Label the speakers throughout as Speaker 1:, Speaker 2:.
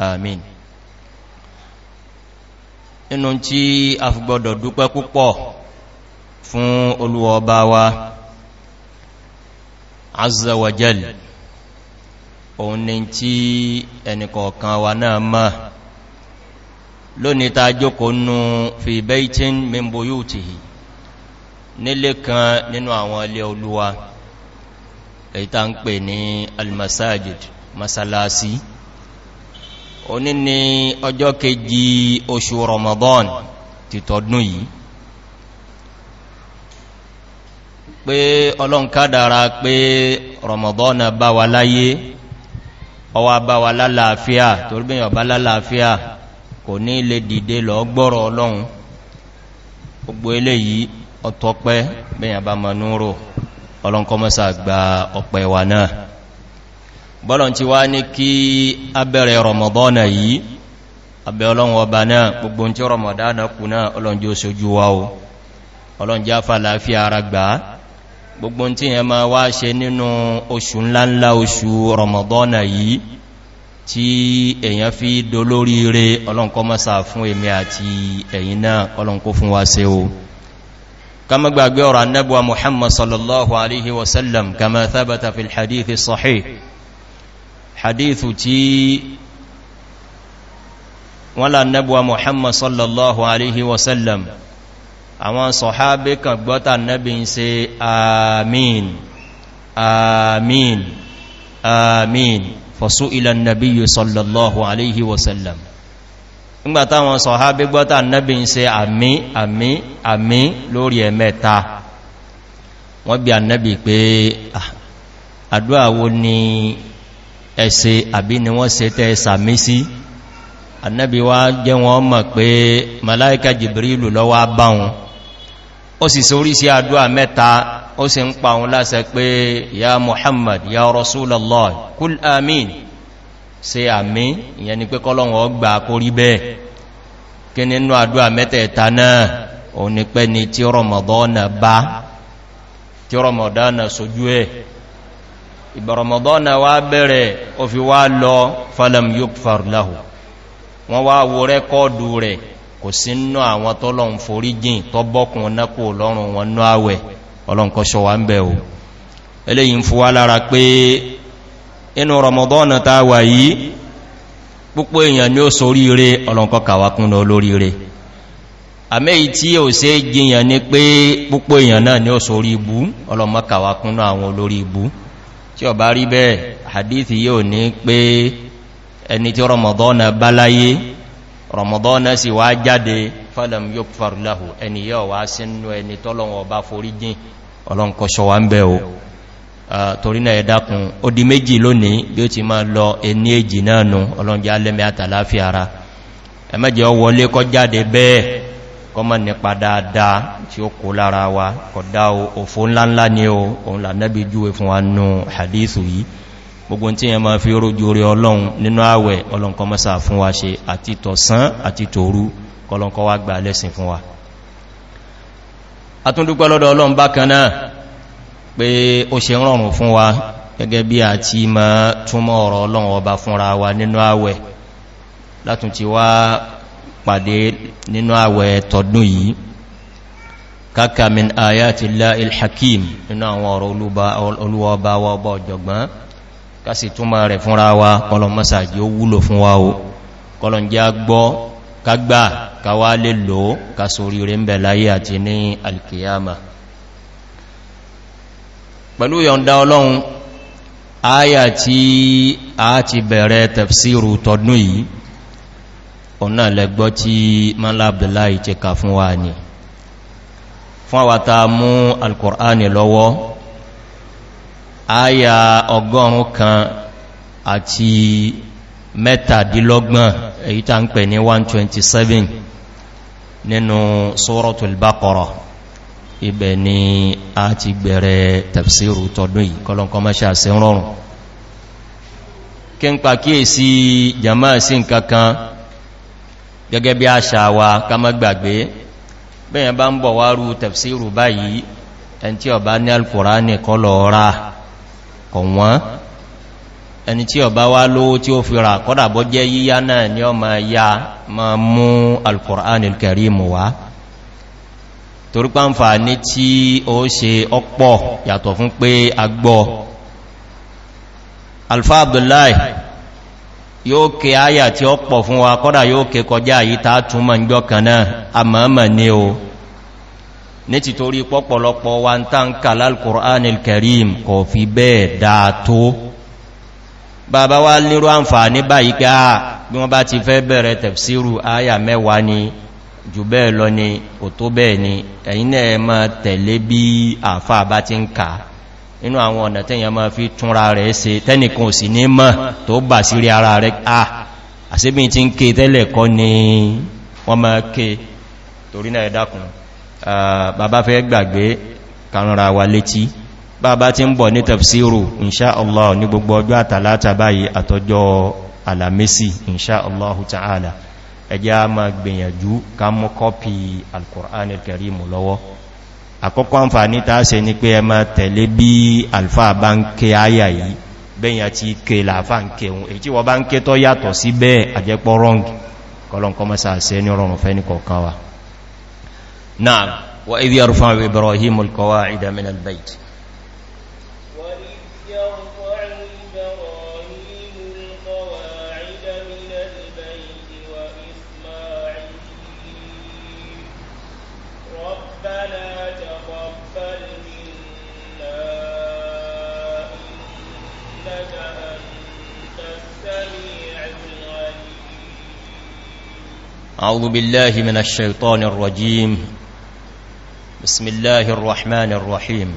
Speaker 1: amin inú tí a fi gbọdọ̀ dúpẹ́ Oluwa fún Azza wa Jal. òun ni tí ẹnìkọ̀ọ̀kan wa náà mọ́ lónìí ta jókòó fi baitin mimbo yóò nílé kan nínú àwọn ilé olúwa èyí ta ń pè ní almasajid masalasi. masalasi òní ni ọjọ́ kejì oṣù Ramadan ti tọdún yìí pé ọlọ́nkádàra pé Ramadan bá wa láyé ọwá bá wa lálàáfíà torí bí yọ̀bá lálàáfíà kò ní lè dìde lọ gbọ́rọ̀ Ọlọ́run gbogbo eléyìí ọ̀tọ́pẹ́ bẹ́yàn bá mọ̀ núrò ọlọ́nkọ́mọ́sà gba ọpẹ́ náà bọ́lọ̀n ti wá ní kí abẹ̀rẹ̀ rọmọdọ́nà yìí abẹ̀ ọlọ́run ọba náà gbogbo tí rọmọdánà kù náà ọlọ́njẹ́ òṣojú wa o ọlọ́njẹ́ afàlàáfí ara gbà gbogbo tí yẹn ma wá ṣe nínú oṣù ńláńlá oṣù rọmọdọ́nà yìí tí wa se o kama gbàgbé ọ̀rọ̀ kama thabata fil hadithi hadithu tí wọ́n lá nẹ́bùwa muhammad sallallahu alaihi wasallam àwọn sọ̀hábé kan gbọ́ta nẹ́bí ń se amin amin amin fọ̀sú ilẹ̀ nẹ́bíyù sallallahu alaihi wasallam nígbàtá wọn sọ̀hábé gbọ́ta nẹ́bí ń se àmì àmì àmì lórí ẹ̀mẹ́ta wọ́n bí annabi pé ah, àdúwà wo ni ẹ̀ṣẹ̀ àbí ni wọ́n se tẹ́ sàmí sí annabi wa jẹ́ wọn mọ̀ pé malaika jibrilu lọ́wọ́ bá wọn ó sì sórí sí àdúwà mẹ́ta ó sì ń pa wọn lásẹ pé ya muhammad ya rasulallah kul amin se àmì ẹ̀ ìbọ̀rọ̀mọ̀dọ́nà wá bẹ̀rẹ̀ o fi wá lọ falam yukfar lahu wọ́n wá wo rẹ́kọ́ọ̀dù rẹ̀ kò sí nú àwọn tọ́lọ̀un forí jìn tọ́ bọ́kùn nákò lọ́rùn wọn nú àwẹ̀ ọlọ́nkọ́ṣọ́ wá ń bẹ̀ o eléyìí ń fúwá lára pé inú rọmọdọ́nà ta àmẹ́yí tí ò sé jìyàn ni pé púpọ̀ èèyàn náà ní ó sorí ibú ọlọ́mọ́kàwákún náà àwọn olórí ibú tí ọba rí bẹ́ẹ̀ hadithi yóò ní pé ẹni tí rọmọdọ́nà bá láyé rọmọdọ́nà sì wá jáde fọ́lọ̀m yóò farlahu ẹni yóò wá sínú ẹni tọ́lọ́wọ́ bá forí jìn ọlọ́nkọ́ṣọ́ wá ń bẹ́ o torí náà ẹ̀dàkùn ó di méjì lónìí bí kọmọ nípa dáadáa tí ó kó lára wa kọ̀dá òfò ńláńlá ní o òun lànẹ́bí júwe fún wa nù hadithu yìí gbogbo tí yẹn ma fi rójú orí ọlọ́run nínú àwẹ̀ ọlọ́nkọmọ́sà fún wa ṣe àti tọ̀sán àti tòru kọlọ́nkọ́ wa gbà lẹ́sìn fún wa atúndúpẹ́ lọ́dọ̀ ọlọ́run bákan náà pé ó ṣe rọrùn fún wa gẹ́gẹ́ bí àti ma túnmọ̀ ọ̀rọ̀ ọlọ́run ọba fúnra wa nínú àwẹ̀ látún ti wá pàdé nínú àwẹ̀ tọdún yìí káka min ayati la'il hakim nínú àwọn ọ̀rọ̀ olúwọba wa ọba ọ̀jọ̀gbọ́n kásì túnmà rẹ̀ fúnra wa kọlọm masáàjì ó wúlò fún wa o kọlọm jẹ́ gbọ́ kágbà káwà lè lò kásórí rẹ̀ ń bẹ̀ láyé àti ní alkiyama pẹ̀lú yọ̀nda ọlọ́run áyà tí a ti bẹ̀rẹ̀ tafsiru tọdún yìí ọ̀nà lẹ́gbọ́ tí mọ́lá abdullahi ti ka fún wa ní fún àwata mú alkùránì lọ́wọ́ áyà ọgọ́rùn kan àti mẹ́tàdínlọ́gbọ̀n èyí ta ń pẹ̀ ní 127 nínú sórọ̀tul bákọ̀rọ̀ ibẹ̀ ni a ti gbẹ̀rẹ̀ tafsiru tọdún yìí kọlọ̀nkọ́ mẹ́ṣà gẹ́gẹ́ bí àṣà wa ká má gbàgbé bẹ́yàn bá ń bọ̀ wá rú tafsiru báyìí ẹni tí ọba ní alkùránì kọ́ lọ ra kọ̀wọ́n ẹni tí ọba wá lówó tí ó fi rà kọ́dà bọ́ jẹ́ yíyá náà ni ọmọ ya ma mú alkùránì kẹrìmù wá torípa ń fà ní tí ó ṣe yóò ké áyà tí ó pọ̀ fún wa kọ́dà yóò ké kọjá yìí ta túnmọ̀ ń jọkàn náà àmọ́mọ̀ ní o ní ti torí pọ́pọ̀lọpọ̀ wa ń tán kàlá alkùránil kẹrìm kò fi bẹ́ẹ̀ dáàtó bàbá wá lérò àǹfààní báyìí ká bí wọ́n bá ma tẹ̀lé bí inú àwọn ọ̀nà tẹ́yàn máa fi túnra rẹ̀ ṣe tẹ́nìkan ò sì ní mọ́ tó bà sí rí ara rẹ̀ à àṣíbí tí ń ké tẹ́lẹ̀ kọ́ ni wọ́n máa ké torí náà ẹ̀dàkùn bàbá fẹ́ gbàgbé karùnra wa létí bàbá tí ń bọ̀ ní tafsiru inṣá allah ní àkọ́kọ́ àǹfàní tàà se ní pé ẹmà tẹ̀lé bí alfa bá ń ké ayà yìí bẹ́yà ti ké làfà ń ké ohun èyí tí wọ́n bá ń ké tọ́ yàtọ̀ sí bẹ́ẹ̀ àjẹ́pọ̀ rọ́ng kọlọ̀nkọ́ mẹ́sà se أعوذ بالله من الشيطان الرجيم بسم الله الرحمن الرحيم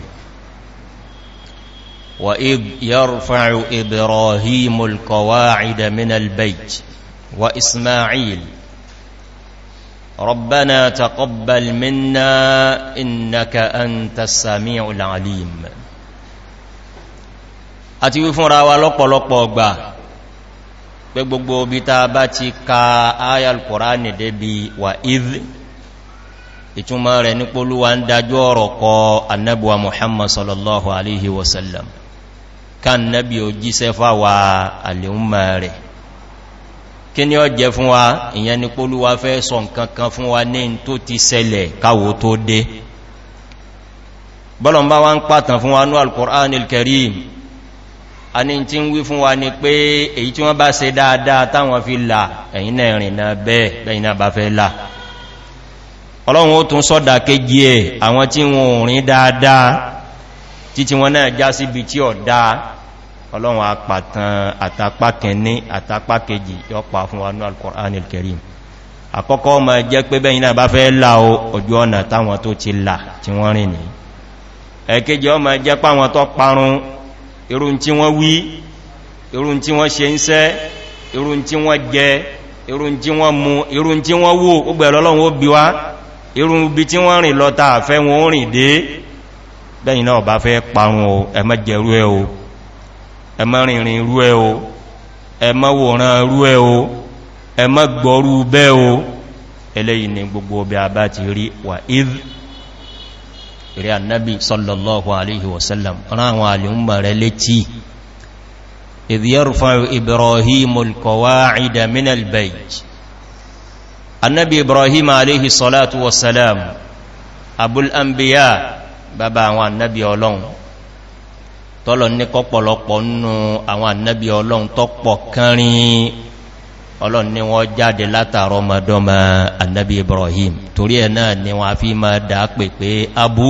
Speaker 1: وإذ يرفع إبراهيم القواعد من البيت وإسماعيل ربنا تقبل منا إنك أنت السميع العليم أتي فراوى لقى لقى pé gbogbo obi ta bá ti ka ayal kòránì débi wà ìdí ìtumá rẹ̀ ní pólúwa ń dájú ọ̀rọ̀ kọ annabuwa muhammad sallallahu alaihi wasallam kan nabi o jíṣẹ́ fáwà alìhúnmà rẹ̀ kí ni ó jẹ fún wa ìyẹn ni pólúwa fẹ́ sọ nkankan fún wa ní tó ti sẹlẹ̀ káwò tó dé bọ́lọ̀mbá wa ń pàtàn fún wa ní alkùránil karim a ní tí ń wí fún wa ni pé èyí tí wọ́n bá se dáadáa táwọn fi là ẹ̀yìn náà rìn náà bẹ́ẹ̀ bẹ́yìn náà bá fẹ́ là ọlọ́run ó tún sọ́dà kéjì ẹ̀ àwọn tí wọ́n rìn dáadáa títí wọn náà já síbi tí ọ̀dá ọlọ́run apàtàn àtàpákẹni àtàpákẹjì ọmọ jẹ́ páwọn tó parun irun tí wọ́n wí irun tí wọ́n ṣe ń sẹ́ irun tí wọ́n jẹ irun tí wọ́n mú irun tí wọ́n wó ó gbẹ̀rọ ọlọ́run ó bí wá irun bí tí wọ́n rìn lọ́ta àfẹ́ wọn ó rìn dé bẹ́yìn náà bá fẹ́ parun o ẹmọ́ jẹrú ẹ o ẹmọ́ rìnrìn rú ẹ o ẹmọ́ wòran rú ẹ o ẹmọ́ gbọ́rú bẹ́ o ẹlẹ́yìn ni gbogbo ọbẹ̀ àbá ti rí wà ìdí ìrẹ́ annabi sallallahu alaihi wasallam ránwà alìhúnmà rẹ létí ìdíyàrùfà ibrahim alkọwàáìdà minal bayt annabi ibrahim alaihi salatu wasalam abul anbiya bàbá àwọn annabi ọlọ́run tọ́lọ ní kọ́pọ̀lọpọ̀ nínú àwọn annabi ọlọ́run tọ́pọ̀ kánrin ọlọ́n ni wọ́n jáde látàrọ mọ́dọ́mọ́ annabi ibrahim torí ẹ̀ náà ni wọ́n fi ma dá pè pé abu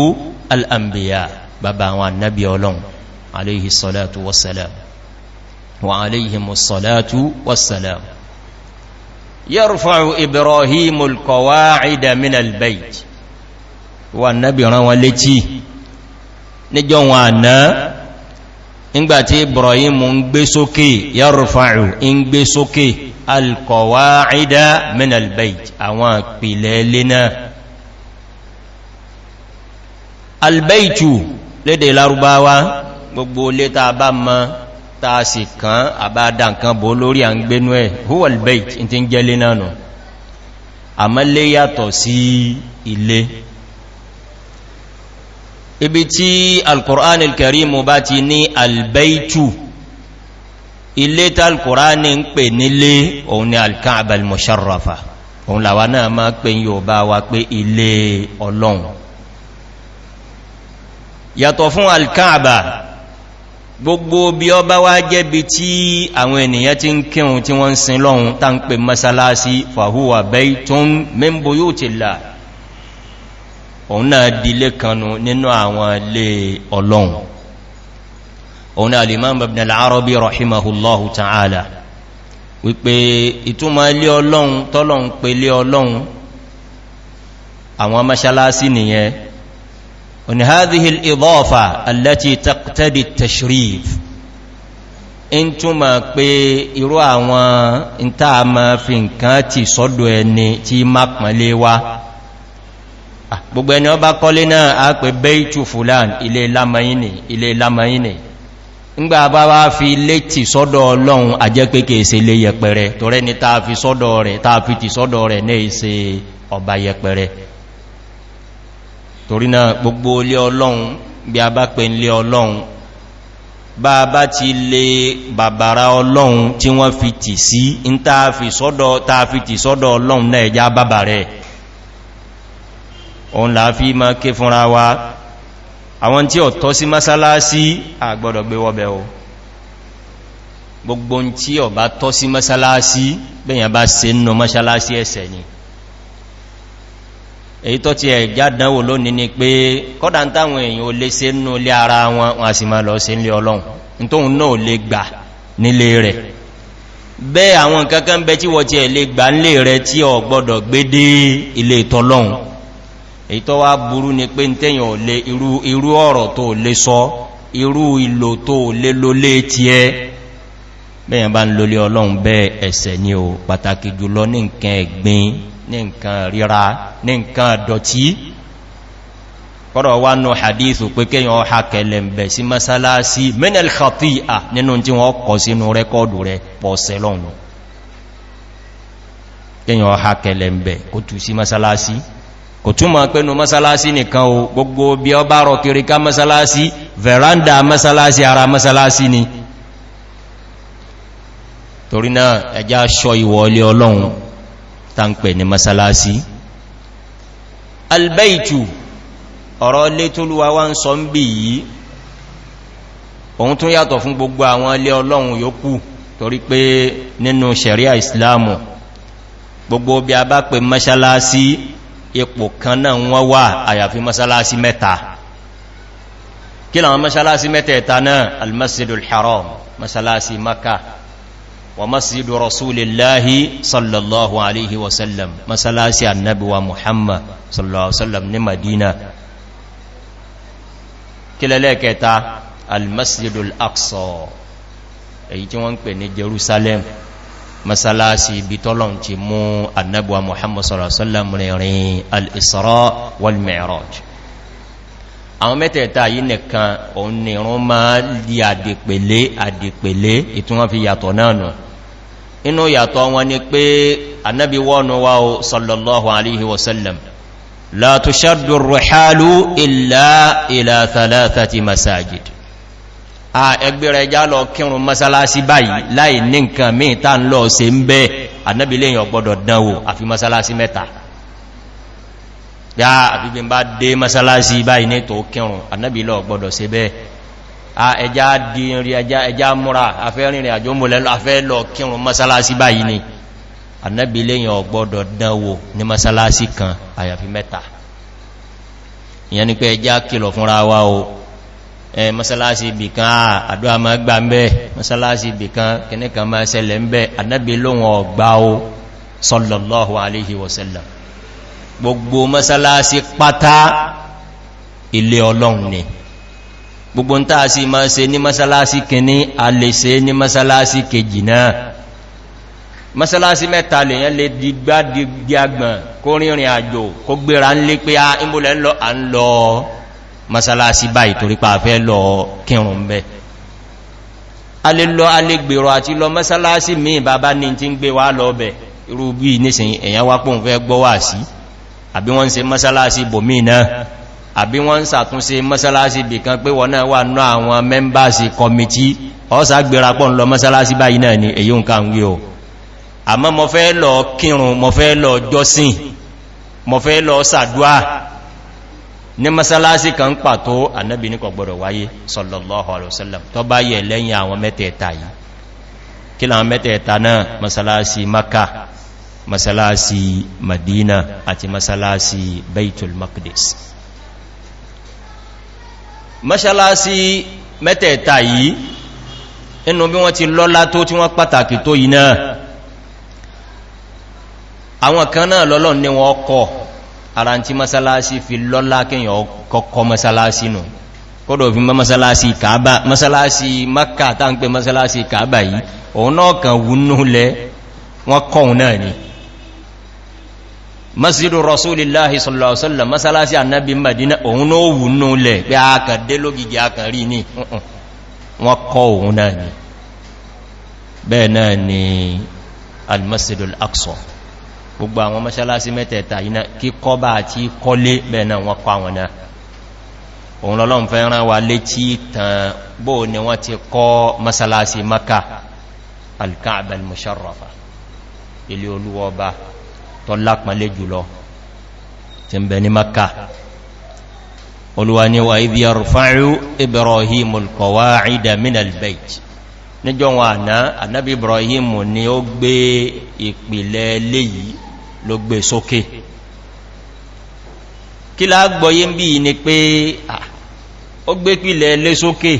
Speaker 1: al'ambiya bàbá àwọn annabi ọlọ́n aléhì sọ́látù wọ́sẹ̀lẹ̀m wọ́n ibrahim olkọwa idamin albayt wọ́n annabi ran wọn létí níjọ́ wọn àná nígbàtí ibrahim ń gbé sókè yarfa'u ń gbé sókè alkọwa'ida minalbait àwọn àpìlẹ̀ ilé náà albaitu lédè larubawa gbogbo lé ta bá mọ́ ta sì kán àbádà nǹkan bó lórí à ń gbénú ẹ̀ huwa albait ti ń jẹ́ lé nù àmọ́ yàtọ̀ sí ilé ibi tí alkùrán alkarimu bá ti ní albaitu ilé tí alkùrán ń pè nílé òun ni alkaabal musharrafa òun làwà náà máa pè yóò bá wa pé ilé ọlọ́run yàtọ̀ fún alkaaba gbogbo bí ọ bá wá jẹ́bi tí àwọn ènìyàn ti ń kírun tí wọ́n ń sin lọ́run tá ń pè masalasi fàhúwà bẹ́ tún mẹ́mbò yóò ti láà òun náà dílé kanu nínú àwọn ilé ọlọ́run òun náà alìmọ́m ibn al'arabi rahimahullahu ta'ala wípé ìtumọ̀ ilé ọlọ́run tọ́lọ́run pé ilé ọlọ́run àwọn mọ́ṣálásí nìyẹn òun hádìí ìbọ́ọ̀fà alẹ́tí tàbí tashrif in túnmà pé gbogbo ẹni ọba kọlé náà a pè bẹ́ìtù fulan ilé lamayini ilé lamayini ńgbà bá wá fi létì sọ́dọ̀ ọlọ́run àjẹ́ pé kèé se lé yẹpẹrẹ torẹ́ ni ta fi sọ́dọ̀ rẹ̀ ta fi ti sọ́dọ̀ rẹ̀ ní ìse ọba yẹpẹrẹ torí náà gbogbo ilé ọlọ́run bí a bá pè ilé ọlọ́run bá bá ti lé bàbára ọlọ́run tí wọ́n fi tì sí ń ta fi sọ́dọ̀ ọlọ́run náà ẹja bàbà rẹ̀ òun láàfí ma ké fúnra wa àwọn tí ọ̀tọ́ sí mọ́sálásí àgbọ́dọ̀ gbé wọ́bẹ̀ o gbogbo tí ọ̀bá tọ́ sí mọ́sálásí bẹ́yàn bá se nù mọ́sálásí ẹsẹ̀ ni èyí tó ti ẹ̀jádánwò lónìí ni pé kọ́dá ń táwọn èèyàn ò lè se nù lé ara wọn wọn sì máa lọ sí ilé ọlọ́run èyí tó wá burú ni pé ń tẹ́yàn ò lè irú ọ̀rọ̀ tó lè sọ irú ìlò tó lè lólé tí ẹ bẹ́yàn bá ń lólé ọlọ́run bẹ́ ẹ̀sẹ̀ ni o pàtàkì jùlọ ní nǹkan ẹ̀gbin ní nǹkan ríra ní nǹkan dọ̀tí kọ́rọ̀ wá nù hadithu pé kéyàn ọha kẹlẹ̀ ń bẹ̀ sí masalasi menel khati'a nínú tí wọ́n kọ sínú rẹ́kọ́ọ̀dù rẹ̀ pọ̀ọ̀sẹ̀ lọ́nà kéyàn ọha kẹlẹ̀ ń bẹ̀ kó tù sí masalasi kò túnmọ̀ pẹ́nu masalasi nìkan o gbogbo bí ọ bá rọ kiri ká masalasi veranda masalasi ara masalasi ni torí náà ẹjá ṣọ ìwọlé ọlọ́run ta ń pè ní masalasi albaitu ọ̀rọ̀ lé tólúwa wá ń sọ ń bì yìí òun tún yàtọ̀ fún gbogbo àwọn ilé ọlọ́run yókù torí pé nínú sẹ̀ríà ìsìláàmù gbogbo bí a bá pè masalasi ipò kan náà wọ́n wà àyàfi masalasi mẹ́ta kí láwọn masalasi mẹ́tẹ̀ẹ̀ta náà almasjidul haram masalasi maka wa masjidu rasulillahi sallallahu alaihi wasallam masalasi annabi wa muhammad sallallahu alaihi wasallam ni madina kí lẹ́lẹ́kẹta almasjidul aqsa èyí tí wọ́n ń pè ní jerusalem masalasi ibi tọ́lọ̀n ti mú annabuwa muhammad sallallahu rìnrìn al'isra wal mi'raj àwọn mẹ́tẹ̀ẹ̀ta yìí nìkan òun ni rún máa di àdìpèlé àdìpèlé ìtúnwọ́n fi yàtọ̀ náà nù inú yàtọ̀ wọn ni pé annabi wọ́nu wá o sallallahu alaihi wasallam la tushaddu rihalu illa thalathati masajid ẹgbẹ́ rẹ̀ já lọ kírùn masalasi báyìí láì ní nǹkan míì tá ń lọ se ń bẹ́ ànábìlẹ̀yìn ọgbọ́dọ̀ dánwò àfi masalasi mẹ́ta ya àbíbí bá dé masalasi báyìí ní tó kírùn ànábìlẹ̀ ọgbọ́dọ̀ se bẹ́ ẹjá dínrí ẹjá múra afẹ́rìnrìn àjò mọ́lẹ́lọ afẹ́ masalasi báyìí ni ànábìlẹ̀yìn ọgbọ́dọ̀ dánwò ní masalasi kan àyàfi mẹ́ta ìyẹn ni pé ẹjá Eh, masalasi ibìkan àdúwà ma gbà ń bẹ́ masalasi ibìkan kìníkan ma ṣẹlẹ̀ ń bẹ́ annabi lóhun ọgbà o sallallahu alaihi wasallam gbogbo masalasi pátá ilé ọlọ́run ni gbogbo ń tàà sí ma ṣe ní masalasi kìní a lè ṣe ní masalasi kejì náà masalasi mẹ́ta lè yẹn lè digbá digbàgbọ̀n kó rìnrìn àjò kó gbéra ń lé pé a ń lọ masalasi báyìí torí pa fẹ́ lọ kírùn bẹ́ a lè lọ alégbèrò àti lọ masalasi mi bàbá ní tí ń gbé wá lọ bẹ̀ irú bí nísìn èyàn wá pọ̀ fẹ́ gbọ́ wà sí àbí wọ́n se masalasi bòmí náà àbí wọ́n ń sàtúnse masalasi bì kan pé wọ́n náà wà ní àwọn mẹ́mbàsì kọmití ọ́sà gbèrà pọ̀ ní masalasi kan pàtó annabi ní kọgbọ̀rọ̀ wáyé sallallahu alaihi wasallam tó bá yẹ lẹ́yìn àwọn mẹ́tẹ̀ẹ̀ta yìí kí láwọn mẹ́tẹ̀ẹ̀ta náà masalasi maka masalasi madina àti masalasi baitul maqdis masalasi mẹ́tẹ̀ẹ̀ta yìí inú bí wọ́n ti lọ́lá tó tí wọ́n pàtàkì tó yìí náà àwọn kan náà lọ́lọ́ ni wọ́n ara tí masalasi fi lọ́lá kíyàn kọ́kọ́ masalasi nù kọ́dọ̀ fi mọ́ masalasi kàábà masalasi maka ta ń pè masalasi kàábà yìí òun náà kan wúnú lẹ wọ́n kọ́un náà ni masjidu rasulillahi sallallahu alaihi wasallam masalasi annabi madina òun náà wúnú lẹ pé a kà dé lógigi a kà rí ní wọ́n kọ́ òun náà ni bẹ́ẹ̀ náà ni al-masjidul aqsa gbogbo àwọn mọ́ṣálásí mẹ́tẹ̀ẹ̀ta yína kíkọ́ bá àti kọ́lé bẹ̀ẹ̀nà wọn kọ́ àwọn náà òun lọ́lọ́n fẹ́ rán wa létí tàn bóò ni wọ́n ti kọ́ mọ́ṣálásí maka alka'abal musharrafa ilé olúwọba tó lápàlé jùlọ ti ń bẹ ní níjọ wọn àná ànábí ibrahim ni ó gbé ìpìlẹ̀ léyìí ló gbé sókè kí lágbọ́yé ń bí i ni pé ó gbé pìlẹ̀ lé sókè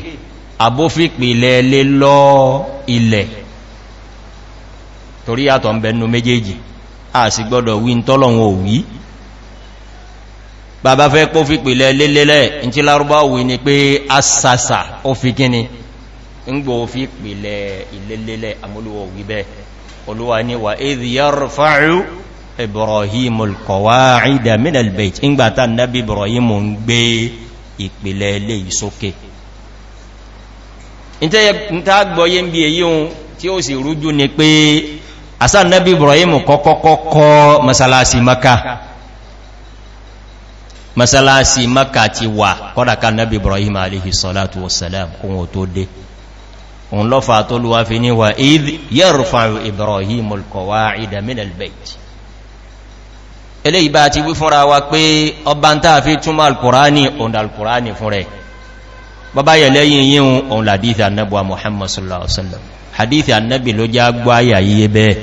Speaker 1: àbófí pìlẹ̀ lé lọ ilẹ̀ torí àtọ̀ ń bẹnu méjèèjì a sì gbọ́dọ̀ wí tọ́lọ̀wọ̀n òwí bàbá fẹ́ pó fípìlẹ̀ lélẹ́lẹ́ ìtí lárúbáwí ń gbò fi pìlẹ̀ ìlélẹ́lẹ́ àmúlùwò wíbẹ́ olúwa ni wà èdè yàrù fa'u ibrahim olkọwa ìdá minalbeit ingbata nabi ibrahim ń gbé ìpìlẹ̀ ilé ìsókè ìta gbọ́yé ń bí èyí ohun tí ó sì rújú ni pé àsá nabi ibrahim kọ́kọ́kọ́ masalasi maka masalasi maka ti wà kọ́dàká nabi ibrahim aleyhi salatu wasalam kún o tó dé òun lọ́fà tó lúwa fi ní wà ìdí yẹ́rùfà Ibrahim olkọ̀wà ìdàmínà albeit ilé ìbá ti wí fúnra wa pé ọba ń tàà fi túnmà alkùránì òun alkùránì fún rẹ̀ bàbá yẹ lẹ́yìn yíhun òun hadith annabuwa Muhammad sallallahu alaihi wasallam hadith annabi ló já gbá yàyíye bẹ́ẹ̀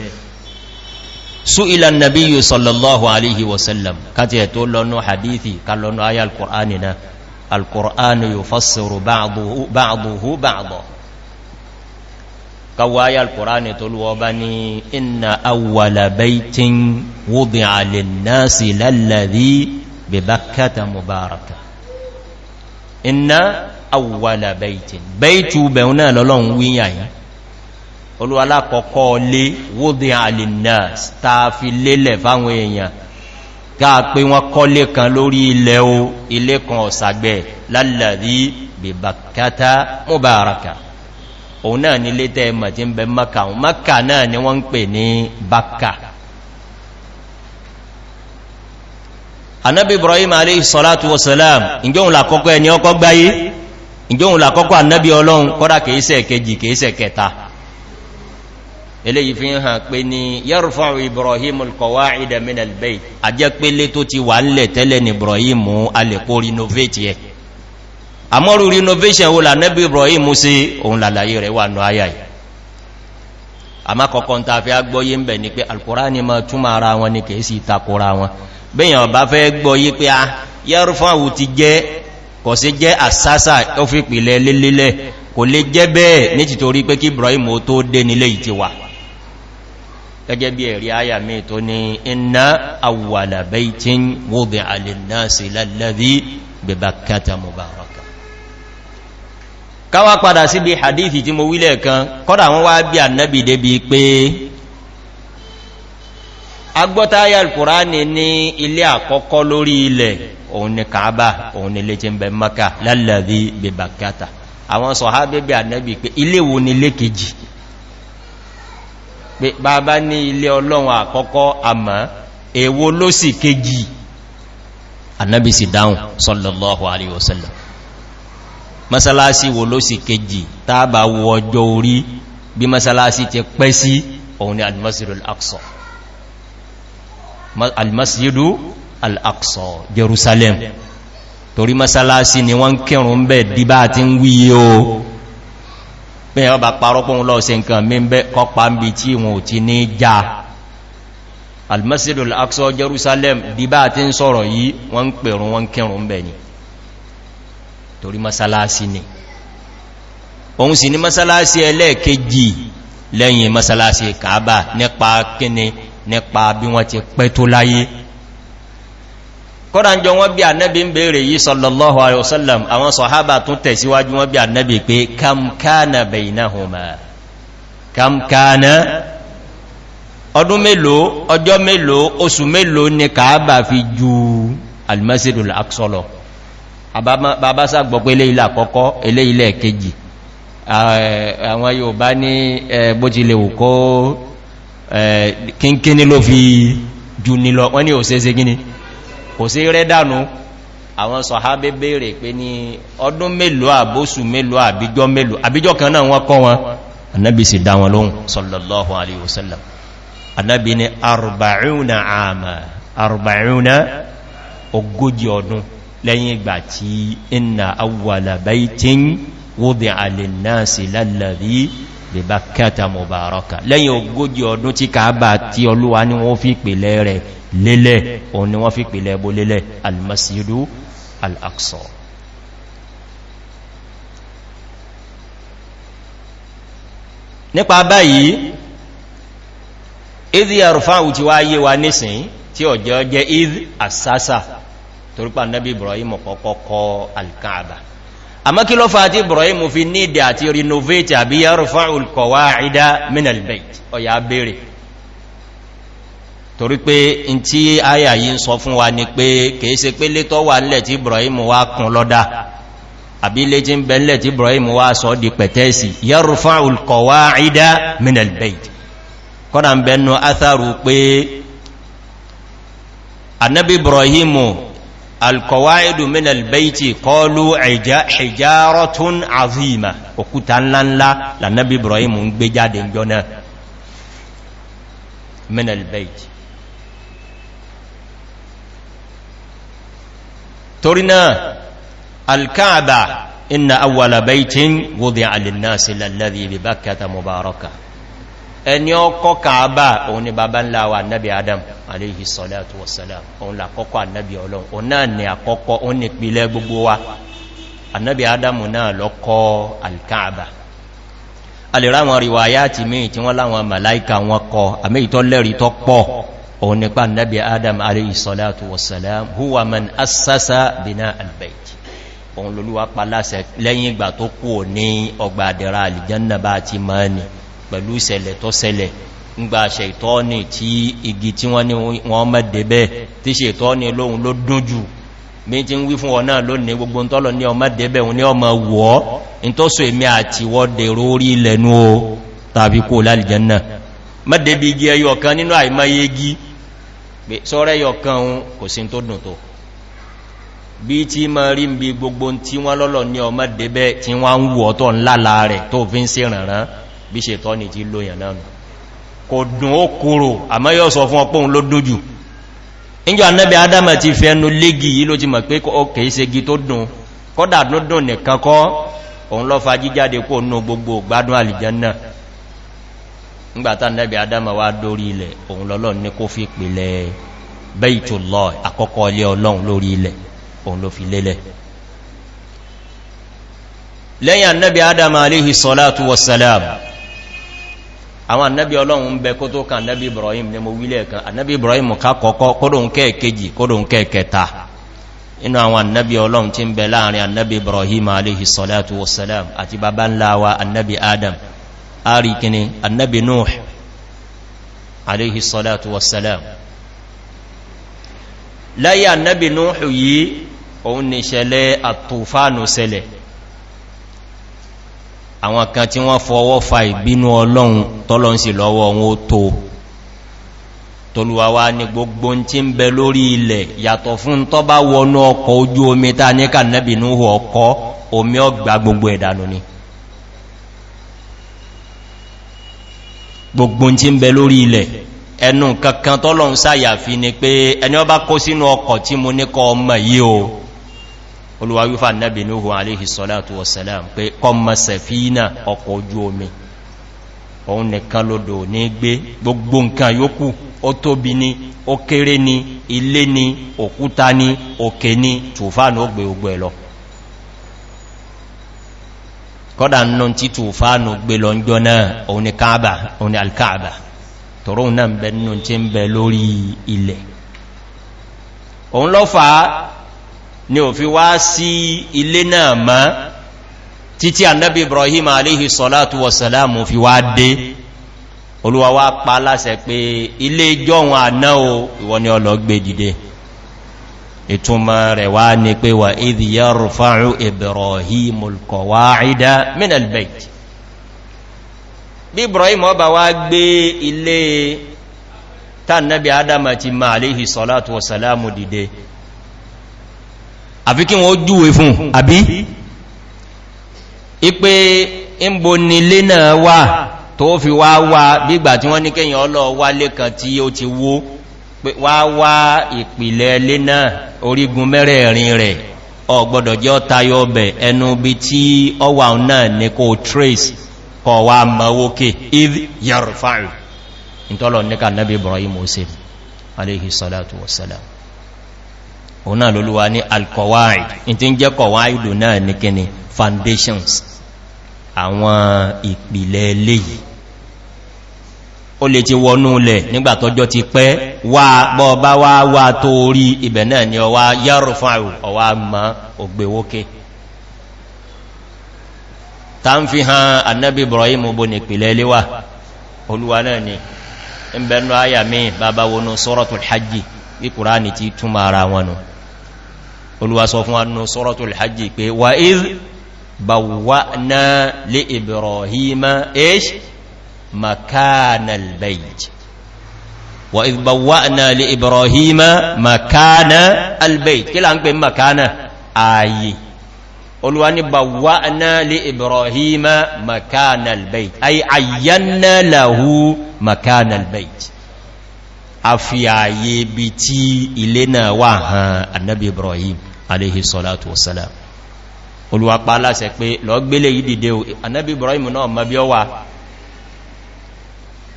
Speaker 1: su káwọ́ ayá alkùránì tó lúwọ́ bá ní iná awwalabaitin wóbi alìnnáàsì lálàrí bèbákátà mubaraka iná awwalabaitin baitu bẹ̀rún náà lọ́lọ́run wíyà yìí olúwalákọ̀ọ́kọ́ lé wóbi alìnnáàsì ta fi lélẹ̀ fáwọn èèyàn gáà pé wọ́n kọ́lé kan lórí ilẹ̀ o ilé kan ọ̀sàgbẹ̀ lálàrí bèbákátà mubaraka òun náà ni létẹ́ ẹmà tí ń bẹ maka òun maka náà ni wọ́n ń pè ní baka anábi ibrahim alayhi salatu wasalam ìjọun làkọ́kọ́ ẹni ọkọ́ gbáyé ìjọun làkọ́kọ́ anábi ọlọ́run kọ́dá kèése kejì kèése kẹta eléyìí fi ń hàn pé ní yẹ́rùfà ibrahim kọwa ìdàmínà albay tó ti wà ń lẹ̀ tẹ́lẹ̀ ní ibrahim alẹ́kó renovate yẹ àmọ́rù renovation wo là nẹ́bí ibrahim sí òun làlàyé rẹ̀ wà náà ayà yìí àmá kọ̀kọ́ ń ta fi agbóyé ń bẹ̀ ní pé alkùránì ma túnmà ara wọn ní kèé sí ìtakora wọn bíyàn bá fẹ́ gbóyé pé a yẹ́rù fún àwù ti jẹ́ kọ̀ sí jẹ́ àsásà ó fi pìlẹ̀ lélélẹ̀ kò lè jẹ́ bẹ́ẹ̀ ní títorí pé kí ibrahim ó tó dé nílé yìí ti wà gẹ́gẹ́ bí ẹ̀rí ayà mi tó ní iná àwàlàbẹ́ tí wọ́n bẹ̀ alìnà lálẹ́bí bẹ̀bà kátà mubarak káwà padà síbi hadithi tí mo wílẹ̀ kan kọ́dà wọ́n wá bí annabi débi pé agbọ́táyà alkùránì ní ilé àkọ́kọ́ lórí ilẹ̀ òun ni kaaba òun ni léjì bẹ maka lálàrí bebakata àwọn sọ̀há bébé annabi pé ilé wo ni lékejì pé bàbá ní ilé ọlọ́run àkọ́kọ́ àmà èwo sallallahu alaihi wasallam masalasi wo si keji, kejì tàbà wo ọjọ́ orí bí masalasi ti pẹ́ sí òun ni almasiru al-aqsa almasiru al-aqsa jerusalem torí masalasi ni wọ́n kírùn bẹ́ díbà ti ń wí o bí ẹ̀wọ́ bá parọ́pọ̀ ń lọ sí nǹkan mí bẹ́ kọpa ń bí tí wọn ò ti ní já almasiru al-aqsa jerusalem díbà ti ń sọ̀rọ̀ yìí wọ́n pèrún wọ́n kírùn bẹ́ ni torí masalasi ni òun sì ni masalasi ẹlẹ́ẹ̀kejì lẹ́yìn masalasi kàábà nípa kíni nípa bí wọ́n ti pẹ́ tó láyé kọ́dá jọ wọ́n bí ànẹ́bí ń bèèrè yìí sallallahu alaihi wasallam àwọn sọ̀hábà tún tẹ̀síwájú wọ́n bí ànẹ́bí pé kamkana bainahuma kamkana ọdún mélòó ọjọ́ mélòó oṣù mélòó ni kàábà fi ju almasjidul aqsa bàbá sàgbọ̀ pé ilé ilẹ̀ àkọ́kọ́ ilé ilẹ̀ kejì àwọn yóò bá ní bó ti lè wùkọ́ kínkíní ló fi jù nílọ wọ́n ni ò sí ṣe gíní kò sí rẹ́dànú àwọn sọ̀hábé bèèrè pé ní ọdún mélòó àbóṣù mélòó àbíjọ́ mélòó àbíjọ́ kan náà wọ́n kọ́ wọn annabi sì dá ọdún lẹ́yìn ìgbà tí iná awwalabai tí ń wóbi alìnáàsì lálàrí bèbá kẹta mọ̀bàrọ̀kà lẹ́yìn ogójì ọdún tí kàábà tí olúwa ní wọ́n fi pèlẹ̀ rẹ̀ lélẹ̀ òun ni wọ́n fi pèlẹ̀ bó lélẹ̀ almasiru al'aksọ nípa báyìí ìdí àrùfáà tí wá wa nísìn tí ọjọ́ jẹ́ ìdí àsásà torípa nẹ́bí ibrahim kọ́kọ́ kọ alkaaba àmọ́ kí ló fa àti ibrahim fi ní ìdí àti renovate àbí yarufa olùkọ̀wà àìdá minalbeit ọ̀yà bèèrè torí pé in tí àyà yìí ń sọ fún wa ni pé kìí pé létọ́ wà nílẹ̀ tí ibrahim wá kún lọ́dá àbí lé tí ń bẹ nílẹ̀ tí ibrahim wá sọ di pẹ̀tẹ́sì yarufa olùkọ̀wà àìdá minalbeit kọ́nà ń bẹnu atharu pé annabi ibrahimu alkọwàídù mínà albaiti kọlu hijaratun azima òkúta ńláńlá lànàbí ibrahim ń gbé jáde jọ náà mínà albaiti torí náà alkaaba inna awwala baitin wudhi alinnasi lalladhi bi bakkata mubaraka ẹni ọkọ́ kàábà òun ni bàbá ńlá wa annabi adam aléhì sọ́látù wọ̀sọ́lám òun làkọ́kọ́ annabi ọlọ́run òun náà ni àkọ́kọ́ òun ni pìlẹ̀ gbogbo wa annabi adam náà lọ́kọ́ alkaaba alèrà wọn ríwà ayá ti mí tí wọ́n láwọn màláìka wọn kọ òun lolúwa paláṣẹ lẹ́yìn ìgbà tó kú ní ọgbà àdẹ̀rà àlìjẹ́ pẹ̀lú ìṣẹ̀lẹ̀ tó ṣẹlẹ̀ ńgbà ṣètọ́ni tí igi tí wọ́n ní wọ́n mẹ́dẹ̀ bẹ́ẹ̀ tí ṣètọ́ni lóhun ló dún jù bí tí ń wí fún ọ̀nà lónìí gbogbo tọ́lọ ní ọmọdé bẹ̀rún ní ọmọ wọ́ in tó so èmì àti wọ́dẹ̀ rórí lẹ́nu o tàbí kó lálìjẹ́nà mẹ́dẹ̀ bí igi ẹyọ kan nínú àìmáyé sọ́rẹ́ ẹyọ kan kò sí tó dùn tó bí tí ma rí ń gbogbo tí wọ́n lọ́lọ́ ní ọmọdé bẹ́ tí wọ́n ń wọ́ tọ́ ńlá rẹ̀ tó fi ń sí rànrán bí ṣe tọ́ ní ti lóyàn náà nù kò dùn ó kúrò àmọ́ yóò sọ fún ọpọ́un ló dójú injọ annabi adama ti fi ẹnu légi yìí ló ti mọ̀ pé ó kèé se gi tó dùn kọ́dà dúndùn nìkan kọ́ òun lọ fa jíjáde kó nú gbogbo gbádùn àlìjánà nígbàtà annabi adama wá dórí ilẹ̀ òun lọ́lọ́ ní kó fi pìlẹ̀ bẹ́ìtùlọ àkọ́kọ́ ilé ọlọ́run lórí ilẹ̀ òun ló fi lélẹ̀ lẹ́yìn annabi adama aléhìsọ́látù wasalam àwọn annabi ọlọ́run bẹ kó tó kan annabi ibrahim ní mo wílẹ̀ kan annabi ibrahim ká kọ́kọ́ kódòun kẹ́ẹ̀kejì kódòun kẹ́ẹ̀kẹta inú àwọn annabi ọlọ́run tí ń bẹ láàrin annabi ibrahim aléhì sọ́látù wasalam àti bàbá àwọn kan tí wọ́n fọwọ́ fa ìbínú ọlọ́run tọ́lọ́ sí lọ́wọ́ wọn ó tó tolúwàwá ní gbogbo tí ń bẹ lórí ilẹ̀ yàtọ̀ fún tọ́ bá wọnú ọkọ̀ ojú omi ta ní kànẹ́bìnú ọkọ̀ omi ọgbà gbogbo ẹ̀dànù ni gbogbo tí ń bẹ lórí ilẹ̀ ẹnu kankan tọ́lọ́run sáyàfi ni pé ẹni ọba kó sínú ọkọ̀ tí mo ní kọ ọmọ yìí o olùwàwífà náàbì ní ohun aléhì sọ́látù wọ̀sẹ̀lám pé kọmọsẹ̀ fíìnà ọkọ̀ ojú omi òun nìkan lòdò ní gbé gbogbo nǹkan yókù ó tóbi ni ó kéré ni ilé ni òkúta ni òkè ni tùfánù ó gbé ogbó ni ò fi wá sí ilé náà mọ́ títí annabi ibrahim aléhì sọ́látù wọ̀sálàmù fi wá dé olúwa wá pa lásẹ̀ pé ilé jọun àná o ìwọ ni ọlọ́gbé dìde ìtumọ̀ rẹ̀ wá ní pé wà ìdíyà rufa'u ibrahim olkọ̀wà ìdá minalbeit bí ibrahim ọba wá gbé ilé tánàbí adama ti ma aléhì sọ́látù wọ̀sálàmù dìde àfi kí wọ́n júwe fún àbí ipé ìbò nílé náà wà tó fi wá wá bígbà tí wọ́n ní kẹ́yìn ọlọ́ wá lẹ́kàn tí ti wó wá wá ìpìlẹ̀ lé náà orígun mẹ́rẹ̀ẹ̀rin rẹ̀ ọgbọ́dọ̀ jẹ́ ọtayọ ọbẹ̀ ẹnu bí tí ti náà ní kò trace kọ̀ wá if yarfa'u ìtọ́lọ̀ níkà náà ibrahim hussein òun náà lólúwa ní alkọwàáì in ti ń jẹ́ kọwàáìdò náà ní kíni foundations àwọn ìpìlẹ̀ léyìí ó lè ti wọnú lẹ̀ nígbàtọ́jọ́ ti pẹ́ wà bọ́ bá wá wá tó rí ibẹ̀ náà ni ọwá yàrù fáìwù ọwá ma ògbèwókè ta ń fi hàn annabi ibrahim bo ní ìpìlẹ̀ léwà olúwa náà ni ń bẹ̀rún ayàmí bàbá wọnú sọ́rọ̀tù hajji bí kùránì ti túnmà ara wọn olúwa sọ fún anú sọ́rọ̀tò alhajji pé wà ìz bá wà náà lè ibrahima ish makanal bayt wà ìz bá wà náà lè ibrahima makana albayt kí là ń pè makana ayé olúwa ní bá wà bí tí ilé náà wà hàn annabi ibrahim aléhì sọ́látù wọ́sálà olùwapa aláṣẹ pé lọ gbélé yìí dìde o anábí ibrahim náà mọ́ bí ó wà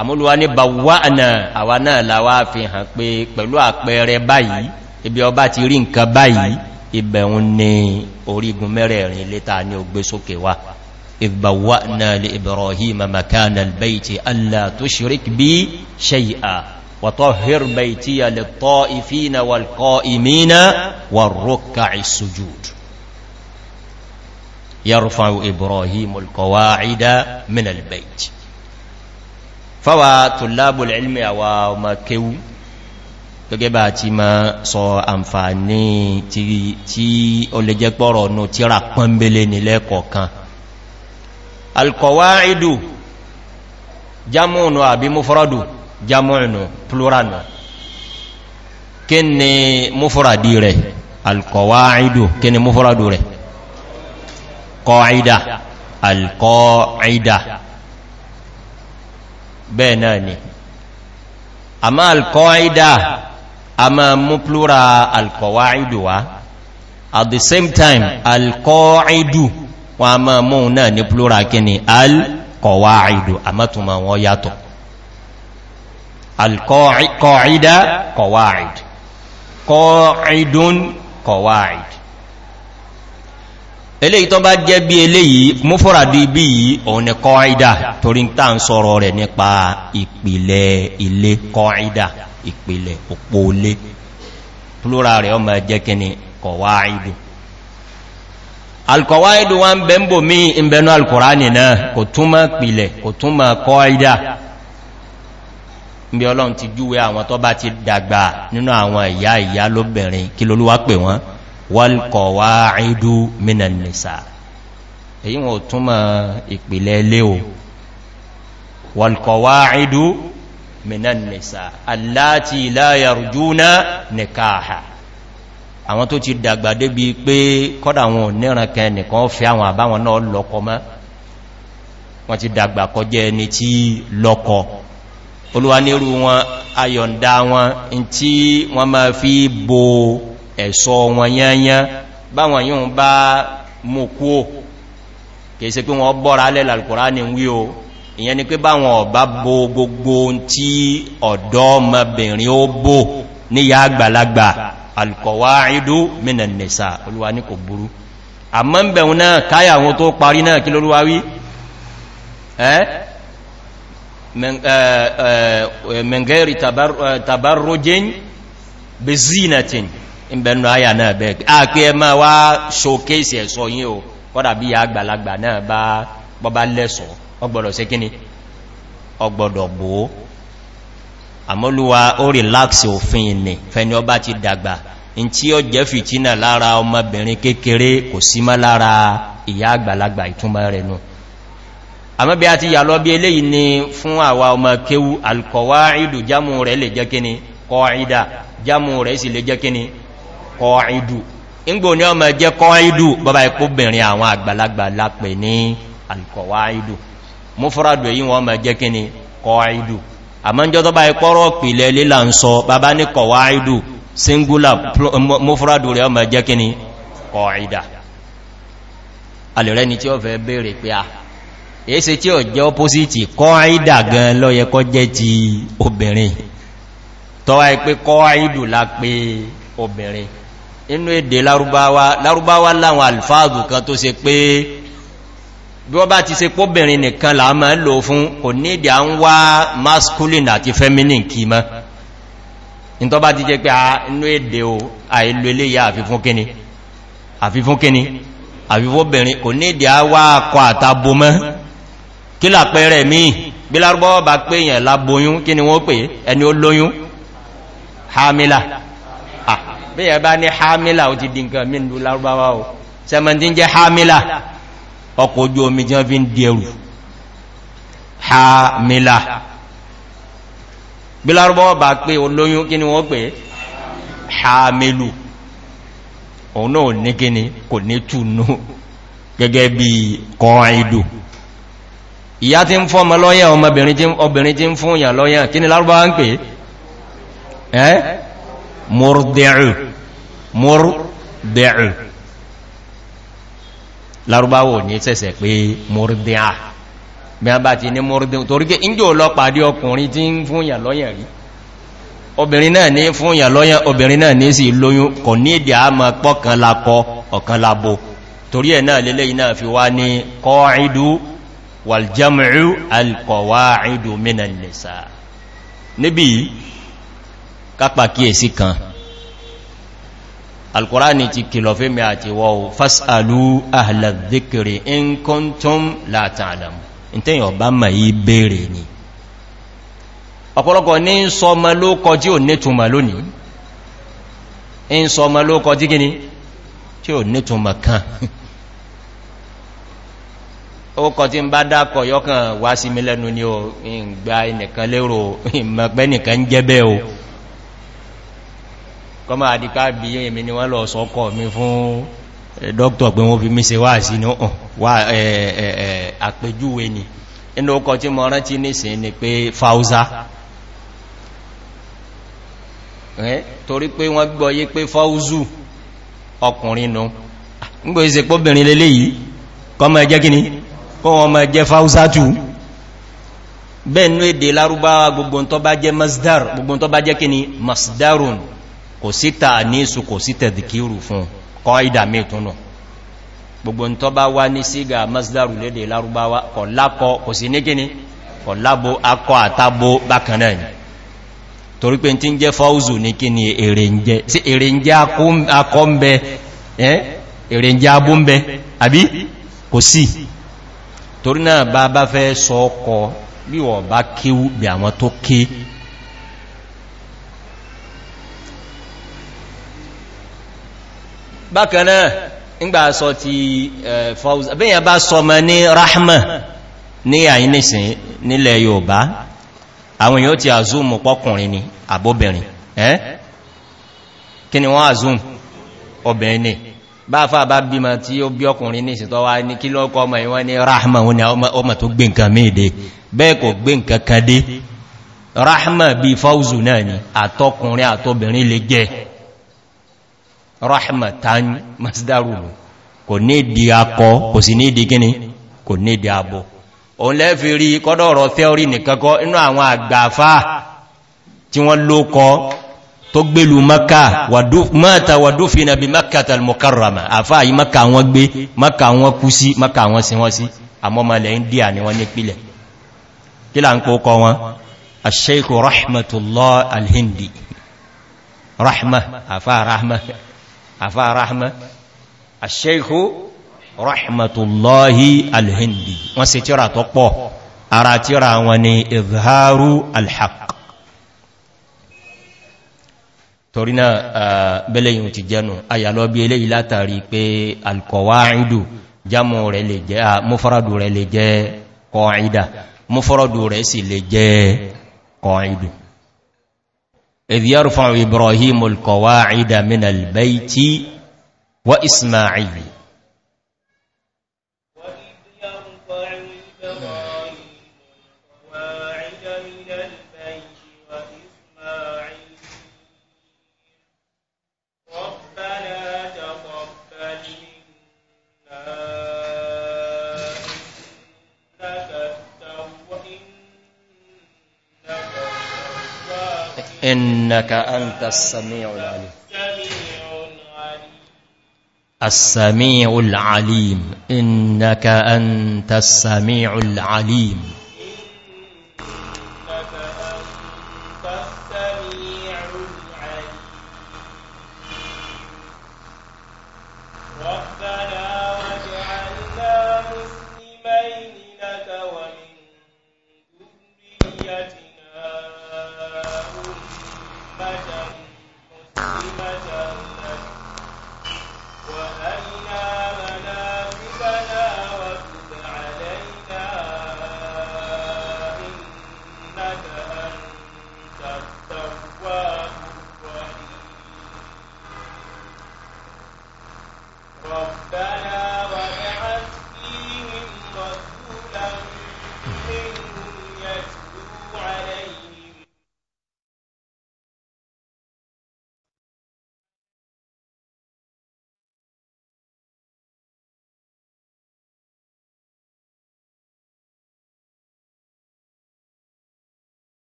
Speaker 1: àmúlùwá ní bàwà náà àwà náà láwá fi hàn pé pẹ̀lú àpẹẹrẹ báyìí ibi ọba ti rí nǹkan báyìí ibẹ̀un ni orígun mẹ́rẹ̀ẹ̀rin létà ní ogbé sókè wá ìbàwà náà lè ibrahim makana albaiti allah tó ṣirik bí ṣe'i'a وطهر بيتي للطائفين والقائمين والركع السجود يرفع إبراهيم القواعد من البيت فوا طلاب العلم ومكو gẹ́gẹ́bà tí ma sọ àǹfàní tí o lè jẹ́ pọ̀rọ̀ ọ̀nà tí ra pọ́nbélé nílẹ̀ kọ̀ọ̀kan alkọ̀wá ìdù jámùnù àbí mú fọ́rọ̀dù jamọ́nù pluranu kí ni múfúradì rẹ̀ alkọ̀wáìdù kí ni múfúradù rẹ̀ kọ̀ọ̀ìdà alkọ̀ọ̀ìdà bẹ́ẹ̀ náà ni a ma alkọ̀ọ̀ìdà a ma mú plura alkọ̀wáìdù wá at the same time alkọ̀ọ̀ìdù wọn a ma mú náà ní plura kí ni alkọ̀wáìdù a mọ́túnmọ̀ wọn yàtọ̀ alkọ̀ọ̀ìdá kọ̀wàáìd kọ̀ọ̀ìdún kọ̀wàáìd eléyìí tó bá jẹ́ bí eléyìí mú fọ́rà bí bí yìí òun ni kọ̀ọ̀ìdá torí ta ń sọ̀rọ̀ rẹ̀ nípa ìpìlẹ̀ ilé kọ̀ọ̀ìdá ìpìlẹ̀ òpó olé plúra rẹ̀ ọmọ jẹ́ kíni kọ̀wàáìdù alkọ̀wàáìdù wọn bẹ́m̀bò mí ìbẹ̀nú alkùránì náà kò túnmọ̀ pìlẹ̀ kò túnmọ̀ kọ̀ọ̀ìdá bí ọlọ́run ti júwe àwọn tó bá ti dàgbà nínú àwọn ìyá ìyá lóbìnrin kí lolúwá pè wọ́n wọ́lkọ̀ wá àìdú mínàlìsà èyí wọn ò túnmọ̀ ìpìlẹ̀ ilé o wọ́lkọ̀ wá àìdú mínàlìsà aláti ìláyàrùjúná nìkáàhà àwọn tó ti dàgbà débi pé kọ́dà wọn ò nírankẹ nìkan fẹ́ àwọn olúwanírú wọn ayọ̀ǹda wọn in tí wọ́n ma fi bo ẹ̀ṣọ́ wọn yányán báwọn yíò bá mú kúò kèèsè pé wọ́n bọ́ra alẹ́lẹ̀ alkùnrá ní wí o ìyẹn ni pé báwọn ọ̀bá bo gbogbo tí ọ̀dọ́ ọmọbìnrin ó bò níyà àgbàlagbà alkọ̀wà ìdú mìnà ní kò burú àmọ́ min gairi tabarrujin bi zinatin in bẹnu aya náà bẹ́ a pé ẹ máa wá ṣòkéèsì ẹ̀sọ yí o kọ́dà bí àgbàlagbà náà bá bọ́bá lẹ́sọ ọgbọ̀dọ̀ sí kíní ọgbọ̀dọ̀ bó àmọ́lúwa ó relax òfin ìní fẹni ọba ti dàgbà in tí ó jẹ́ fìtínà lára ọmọbìnrin kékeré kò sí mọ́ lára ìyá àgbàlagbà ìtúnmọ́ rẹ̀ náà àmọ́ bí a ti yà lọ bí eléyìí ni fún àwa ọmọ kéwú alkọ̀wá ìdù jámù rẹ̀ lè jẹ́ kíni kọ́ ìdà jámù rẹ̀ sì lè jẹ́ kíni kọ́ ìdù ìgbò ní ọmọ jẹ́ kọ́ ìdù bọ́bá ikúbìnrin àwọn àgbàlagbà lápẹ̀ ní alkọ̀wá ìdù mú fọ́ràdù èyí tí ó fẹ́ bèèrè pé a ah, èése tí ó jẹ́ opposite kọ́ àìdà gan lọ́yẹ kọ́ jẹ́ ti obìnrin tọ́wà ipé kọ́ àìdù la pé obìnrin inú èdè lárúbáwá lárúbáwá láwọn alfáàdù kan tó se pé bí wọ́n bá ti se póbìnrin nìkan là máa lò fún kò ní ìdí à ń wá masculine àti feminine kì mọ́ in tó bá ti jẹ́ pé inú èdè o àìlò eléyà àfifún kíni àfifún obìnrin kò ní ìdí à wá akọ àtàbò mọ́ kí làpẹẹrẹ míì bí lárúbọ́ bá pé èyàn láboyún kí ni wọ́n pè ẹni ó lóyún hamila bí yẹ bá ní hamila ó ti di nǹkan mí ní lárúbáwá o sẹ́mọ̀tí jẹ́ hamila ọkọ̀ ojú omi jẹ́ fi ń dẹrù hamila bí lárúbọ́ bá pé olóyún kí ni wọ́n pè hamilu òun náà ní kí ni kò ní túnú gẹ́gẹ́ bí kọ́ ìdù ìyá tí ń fọ́ ọmọ lọ́yẹ̀ ọmọbìnrin tí ń fún ìyà lọ́yẹ̀ kí ni lárúbá ń pè ẹ́ mọ́rọ̀dẹ̀rù mọ́rọ̀dẹ̀rù lárúbáwò ní sẹ́sẹ̀ pé mọ́rọ̀dẹ̀à bí a bá ti ní mọ́rọ̀dẹ̀rù torí kí ń jò lọ pàdé ọkùnrin tí ń fún ìyà lọ́yẹ̀ rí obìnrin náà ní fún ìyà lọ́yẹ̀ obìnrin náà ní sí lóyún kò torí ẹ̀ náà lélẹ́yìn náà fi wá ní kọ́ ìdú wàljam'u alkọ̀wàáìdò minan nìsà níbi kápá kíyèsí kan alkùránì ti kìlọ̀ fí mi àti wọ́ fásàlú ahàlàdíkìrì in kọ́ntún látàlàmù ìtẹ́yìn ọba mọ̀ yí bèèrè ni ọ̀pọ̀lọpọ̀ ní sọmọ ló kọjí ò nítùmọ̀ lónìí in sọmọ ló kọjí gíní tí ò nítùmọ̀ kan ókọ̀ tí ń bá dákọ̀ yọ́kàn wá sí mi lẹ́nu ni o ìgbà ẹnìkan lérò ìmọ̀pẹ́ nìkan ń jẹ́bẹ́ o kọmọ àdíká bí i èmi ni wọ́n lọ sọ́kọ̀ mi fún dókítà pé wọ́n fi mí se wá sí àpèjúwe ni inú ókọ̀ tí mọ́ rántí nìsìn ni pé fauza torí pé wọ́n gbọ́ yí pé fauzu ọkùnrin nù ń gbọ́ ìsẹ̀pọ̀bìnrin lélẹ́yìí kọmọ ẹjẹ́ gíní kọ́ wọn ma jẹ́ fáúsátù bẹ́ẹ̀nú èdè lárúbáwá gbogbo tó bá jẹ́ masdar gbogbo tó bá jẹ́ kí ni masdarun kò sí ta nísù kò sí tẹ̀dìkírù fún kọ́ ìdà mẹ́túnnà gbogbo tó bá wá ní sígà masdaru lédè lárúbáwá kọ̀ lákọ kò sí ní kíni kọ̀ lábo akọ àtàbó bákanáà torí náà bá bá fẹ́ sọ ọkọ̀ bí wọ́n bá kíwú bí àwọn tó ké bákanáà ńgbà sọ ti fọ́wùs abẹ́yàn bá sọmọ ní rahma ní àyínísìn nílẹ̀ yóòbá àwọn èèyàn ti àzúmù pọ́kùnrin ni àbóbìnrin ẹ́ kí ni wọ́n àzúmù obìnrin ni bá fà bá bímọ tí ó bí ọkùnrin ní ìsìtọ́ wá ní kí ló kọ́ ọmọ ìwọ́n ní rahma wọn ni ọmọ tó gbé nǹkan méèdè bẹ́ẹ̀ kò gbé nǹkan kan dé rahma bí fọ́ùzù náà ni àtọkùnrin àtọbìnrin lè jẹ́ rahma tán masdaru kò ní ìdí akọ kò sí ní ìdí gíní kò ní ìdí abọ òun lẹ́fì rí kọ́dọ̀rọ̀ tó gbélu maka mọ́ta wàdófin àbí makata al-mukarrama àfá yí maka wọn gbé maka wọn kú sí maka wọn sí wọ́n sí àmọ́mọ́lẹ̀ india ni wọ́n ní pílẹ̀ kí là ń kó kọ wọn aṣeikò rahmatullah alhindi rahma àfá rahma àfá rahma aṣeikò rahmatullahi alhindi wọ́n torí náà bẹ́lẹ̀ yìí ti jẹnu ayàlọ́ bí eléyìí látàrí pé alkọ̀wá ìdù jámù rẹ̀ lè jẹ́ mọ́fọ́rọ̀dù rẹ̀ lè jẹ́ kọ̀ọ̀ìdà mọ́fọ́rọ̀dù rẹ̀ sì lè jẹ́ kọ̀ọ̀ìdù ìdíyàrùfà ibrahim alkọ̀wá ìdà minal baiti wa ismaili إنك أنت السميع العليم السميع العليم إنك أنت السميع العليم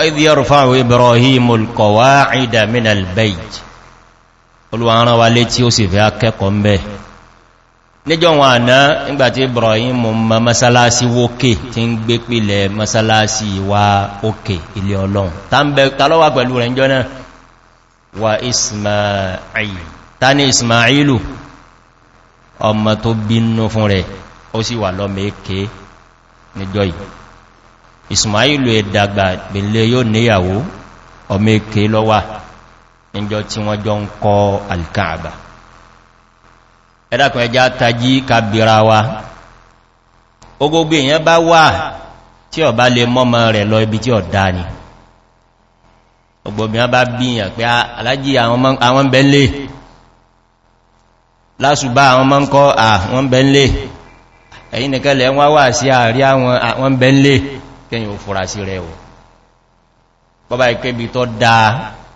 Speaker 1: وإذ يرفع إبراهيم القواعد من البيت olùwàrán wa lé tí ó sì fẹ́ akẹ́kọ̀ọ́ mẹ́ níjọ́ wọn àná nígbàtí ibrahim ma masalasi wókè tí ń gbé pìlẹ̀ masalasi wa òkè ilé ọlọ́run ta ń bẹ talọ́wà pẹ̀lú rẹ̀ jọ náà wa ismail ta ni wà lọ́mẹ́ ìsìnmáìlú ẹ̀dàgbà pẹ̀lẹ̀ yóò níyàwó ọmọ èké lọ́wà níjọ tí wọ́n jọ ń kọ alkaaba ẹ̀dàkùn ẹja tají kabira wa ogógbé èyàn bá wà tí ọba lè mọ́mọ́ rẹ̀ lọ ibi tí ọ̀dá ni ọgbọ̀gbìyàn bá bíyàn pé alájí àwọn bẹ́lẹ̀ lásùbá àwọn mọ́ ń kọ́ àwọn bẹ́lẹ̀ ẹ̀yìn nìkẹ́lẹ̀ wọ́n wà sí àárí àwọn bẹ́lẹ̀ kẹ́yìn òfúra sí rẹ̀ o bọ́bá ìpé bí tọ́ dáa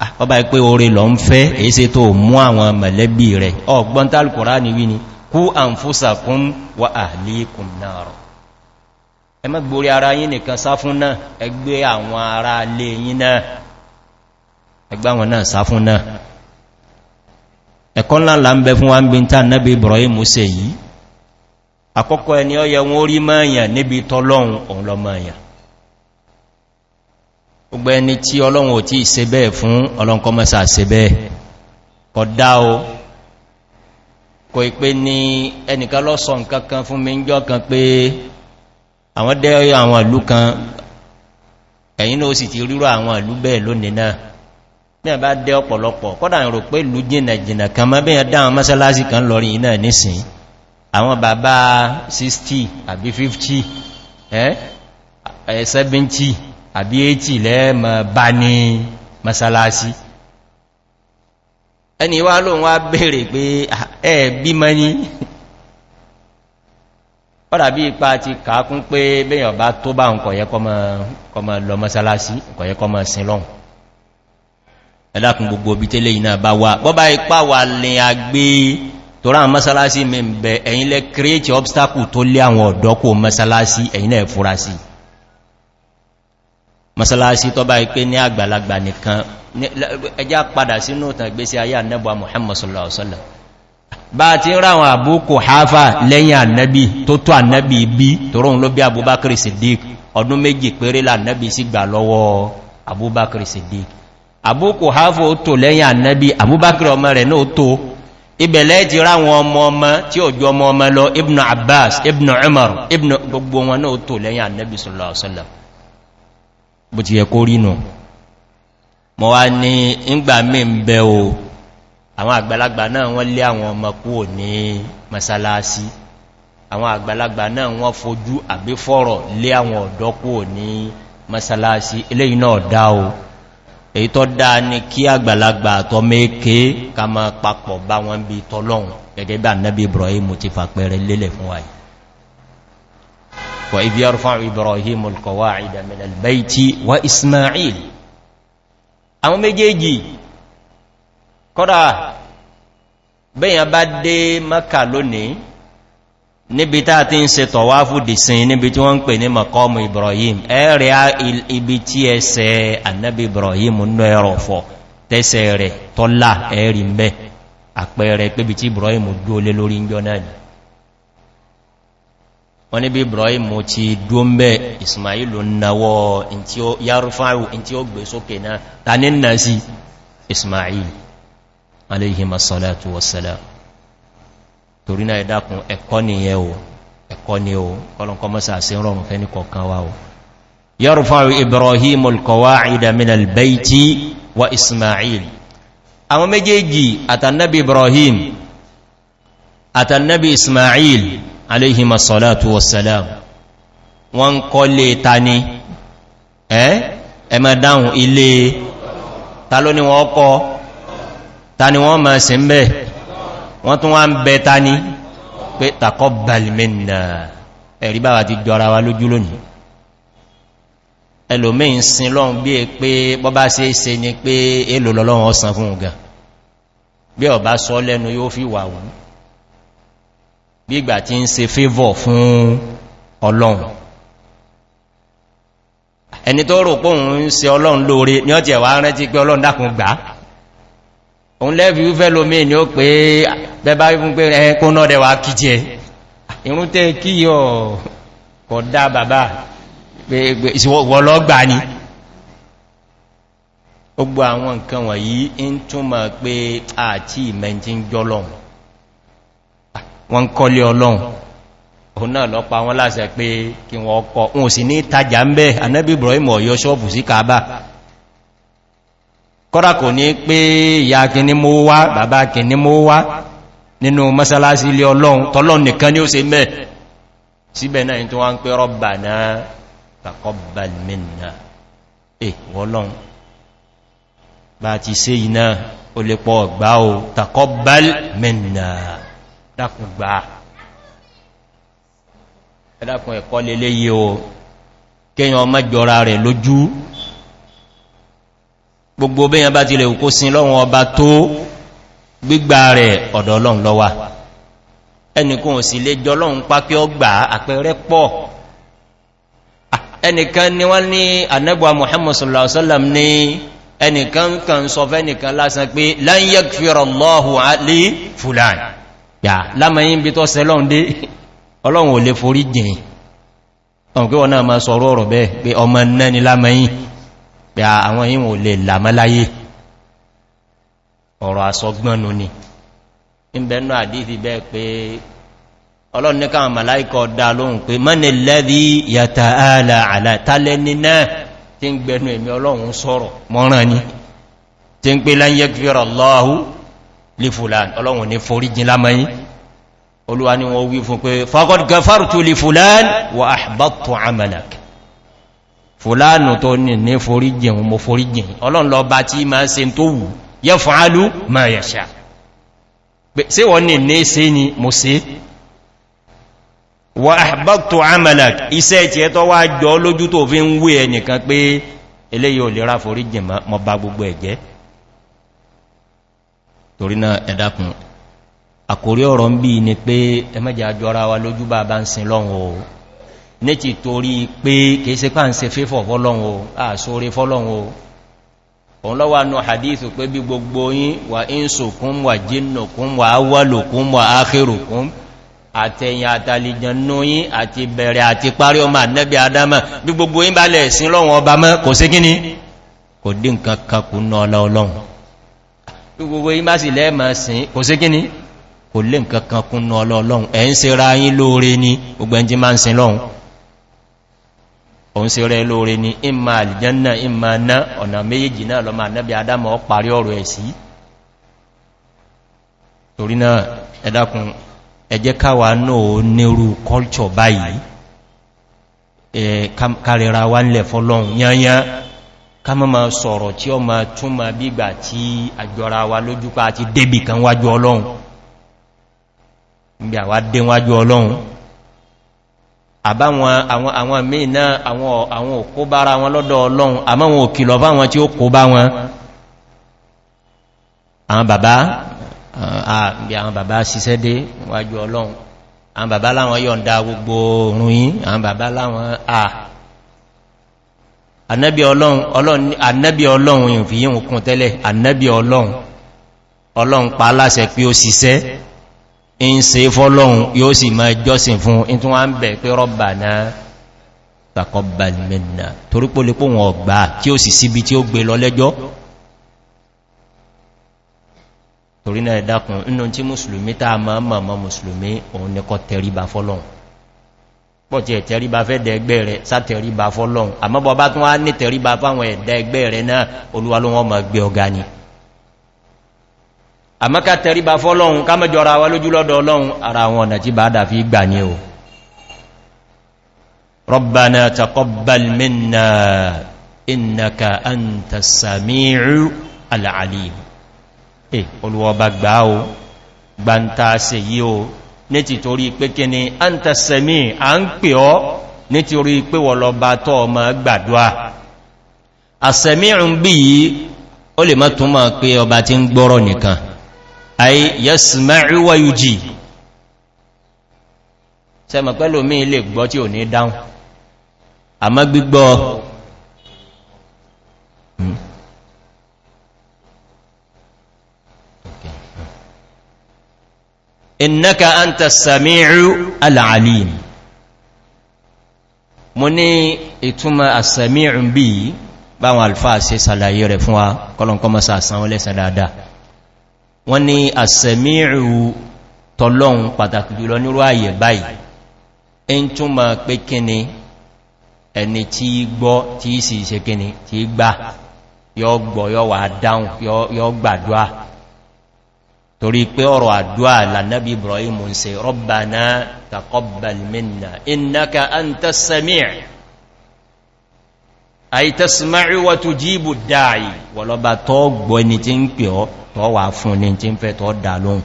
Speaker 1: ah, bọ́bá ìpé orí lọ ń fẹ́ èése tó mú àwọn mẹ̀lẹ́bí rẹ̀ ọgbọ́n tálùkùrá ní wí ni kú àǹfúsàkún wà àhàlíkùn náà rọ̀ ẹ mọ́ gborí ara yín nìkan sá fún náà ẹgbẹ́ àkọ́kọ́ ẹni ọ yẹ wọn orí mọ́ọ̀yàn níbi tọ́lọ́run òun lọ mọ́ọ̀yàn gbogbo ẹni tí ọlọ́run ò tí ìse bẹ́ẹ̀ fún ọlọ́nkọ́ mẹ́sà se bẹ́ẹ̀ kọ̀dá o kò ìpé ní ẹnìkan lọ́sọ nkankan fún mi ń jọ kan pé àwọn dẹ́ àwọn ìlú kan ẹ̀yìn náà sì ti ríro àwọn ìlú bẹ́ẹ̀ lónìí náà bí àbí ètì lẹ́ẹ̀mọ̀ bá ní masalasi ẹni wá lóun wá bèèrè pé ẹ bí mọ́ ní ọ́dà bí ipa ti kàákún pé bẹ́yàn bá tó bá ń kọ̀yẹ́ lọ masalasi kọ̀yẹ́ kọmọ sin lọ́hun ẹlákùn gbogbo obi tẹ́lẹ̀ iná bá wá bọ́bá ipá wà lè agbé torá àwọn masalasi mẹ́ ẹ̀yìn lẹ́ create obstacle tó lé àwọn ọ̀dọ́kò masalasi ẹ̀yìn lẹ́ fúra masalasi tó bá ipé ní àgbàlagbà nìkan ẹjá padà sínú ìtàn ìgbésí ayé annabuwa muhammad sallallahu alaihi wasallam bá ti ń ráwọn àbúkò hafa lẹ́yìn annabi tó tó annabi bí toróhun ló bí abubakar siddiq ọdún méjì péré lànnabi sí gbà lọ́wọ́ abubakar siddiq àbúkò hafa ó tó lẹ́yìn annabi abubakar ọmọ rẹ̀ náà tó ibẹ̀lẹ́ ti ráwọn ọmọ ọmọ tí ó jọ ọmọ ọmọ lọ ibn abbas ibn umar ibn gbogbo wọn náà tó lẹ́yìn annabi sallallahu alaihi wasallam bó ti yẹ kó rínú mọ̀ wá ní ìgbà mí ń bẹ o àwọn àgbàlagbà náà wọ́n lé àwọn ọmọ kúrò ní masalasi àwọn àgbàlagbà náà wọ́n fojú àbí fọ́rọ̀ lé àwọn ọ̀dọ́ kúrò ní masalasi eléyìn náà dá o èyí tó dá ní kí àgbàlagbà tọ́ méèké ká máa papọ̀ bá wọn bí tọ́lọ́run gẹ́gẹ́ bí annabi ibrahim ti fàpẹẹrẹ lélẹ̀ fún wáyìí وإذ يرفع إبراهيم القواعد من البيت وإسماعيل àwọn méjèèjì kọ́dá bẹ́yàn bá dé maka lónìí níbi táà ti ń se tọ̀wá fúdìsìn níbi tí wọ́n ń pè ní makọ́mù ibrahim ẹ̀rẹ́ ibi tí ẹsẹ̀ annabi ibrahim nú ẹ̀rọ tẹ́sẹ̀ rẹ̀ tọ́lá ẹ̀rí mẹ́ àpẹẹrẹ pé tí ibrahim dúó lé lórí ń jọ náà wọ́n ní bí ibrahim ti dúnbẹ̀ ismailu nawọ́ yarufáwù tí ó gbé sókè náà ta ní nà sí ismail aléhìm asọ́látù wasala torí náà ìdákun ẹ̀kọ́ ni yẹ o ẹ̀kọ́ ni o kọlọ̀kọ́ mọ́sá sí rọrùn fẹ́ ní kọ̀kan wá o yarufáwù ibrahim ismail aléhìmọ̀ sọ̀látù wọ̀sẹ̀lám wọ́n ń kọ́ lè ta ní ẹ́ ẹmọ dáhùn ilé ta ló ní wọ́n kọ́ ta ni wọ́n máa sí mẹ́ wọ́n tún wá ń bẹ ta ní pé takọ́ balmina ẹ̀rí bá wà ti jọra wa lójú lónìí bí ọ̀bá sọ lẹ́nu yóò fi wà wùn bí ìgbà tí ń se favour fún ọlọ́run ẹni tó rò pòun ń se ọlọ́run lóore ní ọjẹ̀ wà rántí pé ọlọ́run dákùn gbà òun lẹ́fì wífẹ́ lómi ni ó pé bẹba fún pé ẹkùn náà dẹwà kíjẹ irun tẹ́ kí yọ kọ̀dá bàbá ìwọ̀lọ́gbà ni gbogbo àwọn nǹkan wọ̀nyí ń túnmọ̀ pé àti ìmẹ́ntí ń jọ́lọ́run wọ́n kọ́lé ọlọ́run òun náà lọ́pa wọn láṣẹ pé kí wọ́n kọ́ wọn sì ní tajà ń bẹ́ anẹ́bí ibrahim ọ̀yọ́ ṣọ́ọ̀bù sí kaaba kọ́dà kò ní pé ìyá kìíní mú wá bàbá kìíní mú wá nínú mọ́sálásí ilé ọlọ́run tọ́lọ́ eh wọ́lọ́run bá ti sé iná ó lè dákùn gbà ẹ̀dàkùn ẹ̀kọ́ lélé yìí o kéyàn ọmọ jọra rẹ̀ lójú gbogbo bẹ́yàn bá ti lè kó sin lọ́wọ́n ọba tó gbígbà rẹ̀ ọ̀dọ̀ lọ́wà ẹnìkan òsì lè jọ lọ́run pápẹ́ ọgbà àpẹẹrẹ pọ̀ ẹnìkan ni wọ́n ní anẹ́bọ̀ muhammadu sallallahu alaihi wasallam ní ẹnìkan yà lámàáyí bí tọ́ sẹ lọ́n dé ọlọ́run ò lè forí jìn ọ̀n kí wọ́n náà ma sọ̀rọ̀ ọ̀rọ̀ bẹ́ẹ̀ pé ọmọ náà ni lámàáyí pé àwọn yíò lè làmọ́láyé ọ̀rọ̀ àsọgbọ́nù ni ìbẹ̀nú àdífi bẹ́ẹ̀ pé ọlọ́run ní káwọn màláìkọ̀ dá lóhun pé mọ́ni lẹ́bí yàtà ààlà àlàtálẹ́ ní náà tí ń gbẹnu èmi ọlọ́run sọ̀rọ̀ mọ́ràn ni tí ń pé láyé lọ́hùn lè fòlàn ọlọ́run ní foríjìn lámọ́yí olúwa ni wọ́n wí fún pé fagod gafaru tó lè fòlàn wà àbátò amalak fòlànù tó ní ní foríjìn mo foríjìn ọlọ́run lọ bá tí ma se tó wù yẹ fún alú ma yẹ̀ṣà sí wọ́n ní ní se ni mo se wà àbátò amalak iṣẹ́ ti ẹ́tọ́ wá jọ lójú tó fi ń wé ẹnìkan pé eléyìí ò foríjìn mọ́ bá gbogbo ẹ̀jẹ́ torí náà ẹ̀dàkùn àkórí ọ̀rọ̀ ń bí ni pé ẹmẹ́jà jọra wa lójú bá bá ń sin lọ́wọ́ o ní ti torí pé kìí se pàá ń se fífọ̀ fọ́lọ́wọ́ àṣóre fọ́lọ́wọ́ òun lọ́wọ́ anú hadithu pé bí gbogbo yín wà ínsùkún wà jínùkún wà áwọ́lùkún wà áhìrùkún àtẹ̀yìn àtàlìjànú yí àti bẹ̀rẹ̀ àti parí ọmọ ànẹ́bẹ̀ adama bí gbogbo yí bá lẹ̀ sí lọ́wọ́ ọba mọ́ kò sí kíní kò dín kankan kù náà ọlọ́run gbogbo yí bá sì lẹ́ẹ̀mọ̀ sín kò sí kíní kò lè nkankan kúnnà ọlọ́ọ̀lọ́un ẹ̀ ń se ra yí lóore ní ogbẹ̀njí máa ń sin lọ́un òun se rẹ lóore ní ìmà àlìjánà ìmà ná ọ̀nà méjèèjì náà lọ máa nẹ́bí adámọ̀ ọ parí ọ̀rọ̀ ẹ̀ sí torí náà ẹ̀dàkùn ẹjẹ́ káwà náà nírú culture báyìí kárẹra wá ń lẹ̀ fọ́lọ́un yányán kama ma sọ̀rọ̀ tí ó ma tún ma bígbà tí àjọra wa lójúpa àti débì kan wájú ọlọ́run bí àwá dé wájú ọlọ́run àbáwọn àwọn àwọn míì náà àwọn àwọn òkó bára wọn lọ́dọ̀ ọlọ́run àmọ́ wọn òkìlọ fáwọn tí ó kó bá wọn àwọn bàbá àbí àwọn bàbá ṣiṣẹ́ dé wájú ọlọ́run àwọn bàbá láwọn yọ̀ǹda gbogbo òrùn àwọn bàbá láwọn à annabi ọlọ́run yìí fi yíò kún tẹ́lẹ̀ annabi ọlọ́run ọlọ́run pa aláṣẹ pé ó ṣiṣẹ́ in se fọ́lọ́run yóò sì máa jọ́sìn fún in tún wá ń bẹ̀ pé rọ́bà náà takọ́bà mẹ́nà torípò lè pò wọn ọgbà kí ó sì síbi tí ó gbé lọ lẹ́jọ́ torí náà ẹ̀dàkùn inú tí musulmi táa máa mọ̀ mọ̀ musulmi òun ní kọ́ tẹríba fọ́lọ́run pọ̀tí ẹ̀tẹ̀ríba fẹ́ dẹ̀ẹ̀gbẹ́ rẹ̀ sátẹ̀ríba fọ́lọ́un àmọ́bọ̀ bá tún wá ní tẹ̀ríba fáwọn ẹ̀dẹ̀ẹ̀gbẹ́ rẹ̀ náà olúwa ló wọ́n ma gbé ọ̀gá ni àmọ́ká tẹ̀ríba fọ́lọ́un kámẹ́jọra wa lójú lọ́dọ̀ ọlọ́run ara àwọn ọ̀nà tí bá dàfí gbà ní ti torí pé kí ni a ń tẹ́sẹ̀mí a ń pè ọ́ ní ti orí pé wọ̀lọ́ba tọ́ ọmọ gbàdúwà àsẹ̀mí ń bí yìí ó lè mọ́ túnmọ̀ pé ọba ti ń gbọ́rọ̀ nìkan ayi yẹ́sìmẹ́ríwá yújì innaka anta sami'u al'alim mo ní ìtumọ̀ asami'u bí báwọn alfáà sí sàlàyé rẹ̀ fún wa kọlọ̀nkọ́ mọ́sá àsán olẹ́ sàdáadáa wọ́n ní asami'u tọ́lọ́un pàtàkì jùlọ nírú àyè báyìí in túnmọ̀ pé kíni ẹni tí gbọ́ tí sì ṣe kíni tí gbà yọ gbọ́ yọ wà dáhùn yọ gbàdúwà torí pé ọ̀rọ̀ àdúwà lànàbí ibrahim ń se rọ́bà náà takọ́bàl minna innaka an tasami'a ayi tasma'u wa tujibu da'i wọlọ́ba tọ́ gbọ́ ni tí ń pè ọ́ tọ́ wà fún ni tí ń fẹ́ tọ́ dà lóhun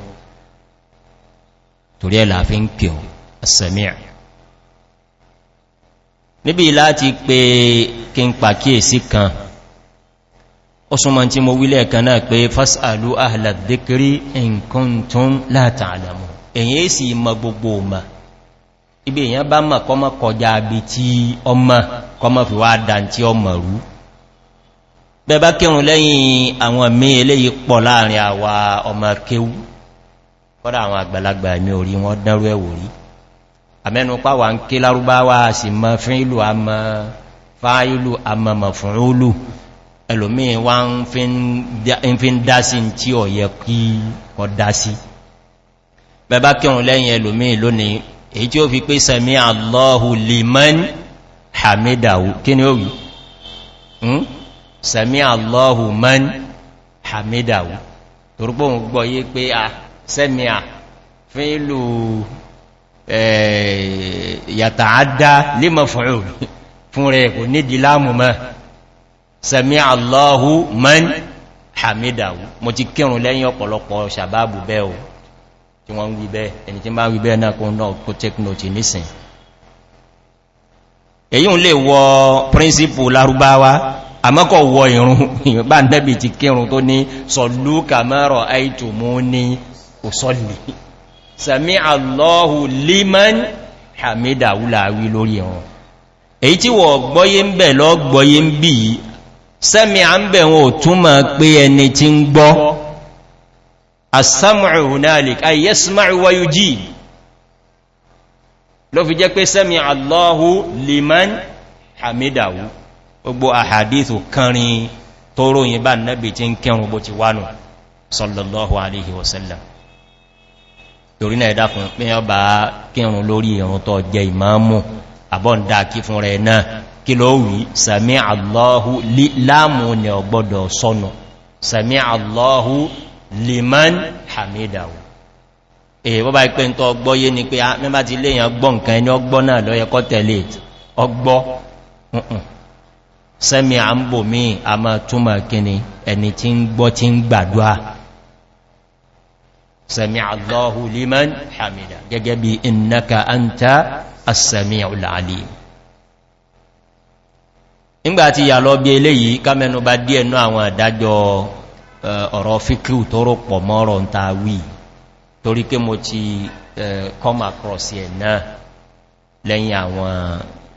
Speaker 1: torí ẹ̀ láàfí pè ọ́ asami'a níbi láti pé kí ń pàkíyèsí kan ó súnmọ́ tí mo wílẹ̀ kan náà pé fásàlú àhàlà dékiri nǹkan tó ń láta àlàmù èyàn èsì ìmọ̀ gbogbo ọmọ ibi èyàn bá mọ̀ kọmọ kọjá bí tí ọmọ kọmọ fi wá dá tí ọmọ rú bẹba kírùn lẹ́yìn àwọn mí eléyìí pọ̀ láàrin àwa ọmọ kéwú kọ́dá àwọn àgbàlagbà mi orí wọn dánrú ẹ̀wò rí àmẹ́nupá wà ń ké lárúbáwá sì mọ́ fún ìlú àmọ́ fáìlú àmọ́mọ̀ fún ìlú ẹlòmíì wá ń fi ń dásí tí ọ̀ yẹ kí ọ dásí bẹba kírùn lẹ́yìn ẹlòmíì lónìí èyí tí ó fi pé sẹ̀mí àlọ́hù lèmọ́n hamidahu kí ni ó wù hm? sẹ̀mí àlọ́hù mọ́n hamidahu torúpọ̀ òun gbọ́ yé pé a ah, sẹ́mí à fún ìlú yàtàádá lè mọ̀ fún rẹ̀ kò nídìí láàmù mọ́ sẹ̀mí àlọ́hù mẹ́n hamidahu mo ti kírùn lẹ́yìn ọ̀pọ̀lọpọ̀ sàbábù bẹ́ o tí wọ́n ń wí bẹ́ ẹni tí bá wí bẹ́ náà kún náà kó tẹ́kínọ̀tì nísìn èyí ń lè wọ príncipù larubawa àmọ́kọ̀ wọ ìrún èyí tí wọ̀ gbọ́yé ń bẹ̀ lọ gbọ́yé ń bí sẹ́mi à ń bẹ̀ wọn ò túnmọ̀ pé ẹni tí ń gbọ́ asámùrù hunalik ayyásímàrù wáyú jí ló fi jẹ́ pé sẹ́mi allahu liman hamidawu gbogbo àhàdìtò kanrin tó ròyìn bá nẹ́bì tí ń kẹrùn bó ti wánu sallallahu alaihi wasallam torí náà ẹ̀dàkùn pín ọba kírùn lórí ìrùn jẹ ìmáàmù àbọ́ndá kí fún rẹ̀ náà kí ló wí sàmí àlọ́hù láàmù ní ọgbọ́dọ̀ sọ́nà sàmí àlọ́hù liman hamidahu èyí bọ́bá ipé ń tọ́ ọgbọ́ yé ni pé a ah, mẹ́bá ti léyàn gbọ́ nǹkan ẹni ọgbọ́ náà lọ́yẹ kọ́ tẹ̀lé ọgbọ́ e. sẹ́mi à ń bò mí a máa túnmà kíni ẹni tí ń gbọ́ tí ń gbàdúwà sẹ́mi àlọ́hù liman hamida gẹ́gẹ́ bí innaka anta as-sami'ul nígbàtí yà lọ bí eléyìí kámẹnu bá díẹ̀ ní àwọn àdájọ́ ọ̀rọ̀ fíkíù tó rọ̀pọ̀ mọ́rọ̀ ń ta wí torí mo ti come across ẹ̀ náà lẹ́yìn àwọn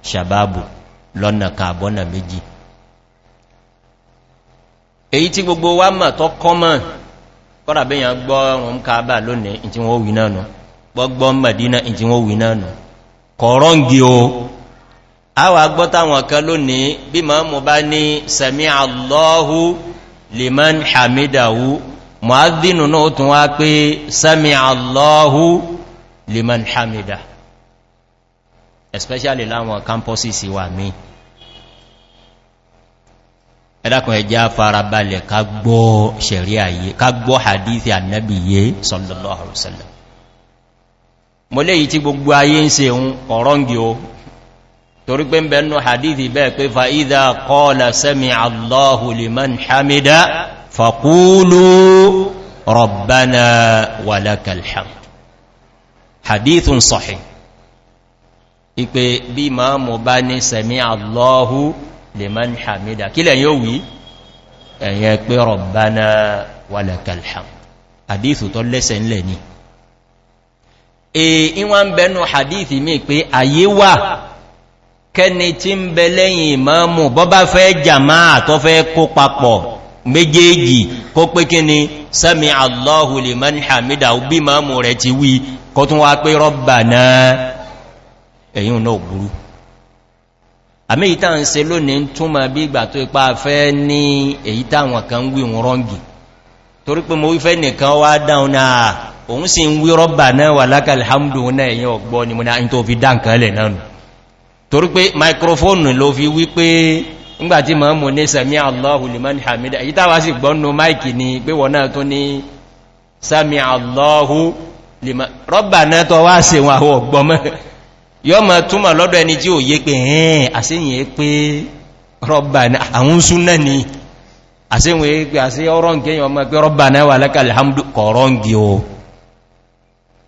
Speaker 1: sàbábù lọ́nà kààbọ́nà méjì èyí tí gbogbo wa mọ̀ tó kọ́mọ̀ kọ́dà bẹ́yàn gbọ́ lónìí a wà gbọ́tàwọn kan lónìí bí ma mú bá ní sami allahu liman hamidahu mu'adhdhinu náà tún wá pé sami allahu liman hamida especially láwọn campuses wà mí ẹ̀dàkùn ẹjá farabalẹ̀ ká gbọ́ ṣẹ̀rí ayé ká gbọ́ hadithi annabi yé sallallahu alaihi wasallam mo léyìí tí gbogbo ayé ń se òun ọ̀rọ̀ǹgì o torí pé ń bẹ nú hadithi bẹ́ẹ̀ pé fa'ídá kọ́ọ̀lá sẹ́mi allahu liman hamida fàkúlù rọ̀bánà wàlákàlham hadithun sọ̀hìn ipe bí máa mọ̀ bá ní sẹ̀mí allahu liman hamida kí lẹ̀ yóò wí ẹ̀yẹ pé rọ̀bánà wàlákàlham hadithu tó lẹ́sẹ̀ ńlẹ̀ ni e kẹni tí ń bẹ lẹ́yìn ìmọ́mù bọ́bá fẹ́ jàmá àtọ́ fẹ́ kó papọ̀ méjèèjì kó pé kí ni sami allahu lè mọ́ ní hamida bí mọ́mù rẹ̀ ti wí kó tún wá pé rọ́bà náà ẹ̀yìn náà burú àmì ìta ń se lónìí ń túnmà bí ìgbà tó ipá fẹ́ ní èyí táwọn kan wí wọn rọ́ngì torí pé mo wífẹ́ nìkan wá dáun náà òun sì ń wí rọ́bà náà wà lákàlẹ̀ hamdu náà èyí ọgbọ́ ni mo náà ń tó fi dá lẹ̀ náà torí pé microphone ló fi wípé ńgbàtí ma mú ní sami allahu liman hamida èyí tàwà sí gbọ́nù máìkì ni pé wọ́n náà tó ní sami allahu liman rọ́bà náà tó wá sí wọn àwọn ọgbọ́mọ́ yọ́ ma túnmọ̀ lọ́dọ̀ ẹni tí ò yé pé ẹ̀ẹ́n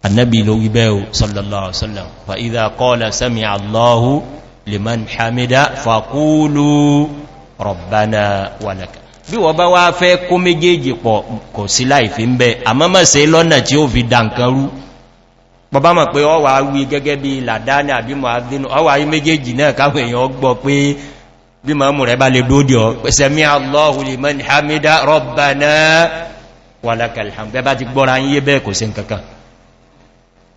Speaker 1: annabi ló wí bẹ́ẹ̀ sallallahu ala'uwa fa idha qala sami allahu liman hamida faqulu rabbana walaka bí wọ́n bá wá fẹ́ kó méjèèjì pọ̀ kò sí láìfí ń bẹ́ àmọ́mọ́sẹ̀ lọ́nà tí ó fi dànkanrú bọ́bá mọ̀ pé ọwà wí gẹ́gẹ́ bí làdáni àbí mọ̀ádínú ọwà yí méjèèjì náà káwọn èèyàn gbọ́ pé bí mọ̀mù rẹ̀ bá lè dódì ọ pẹ̀sẹ̀mí allahu liman hamida rabbana wàlàkàlhàm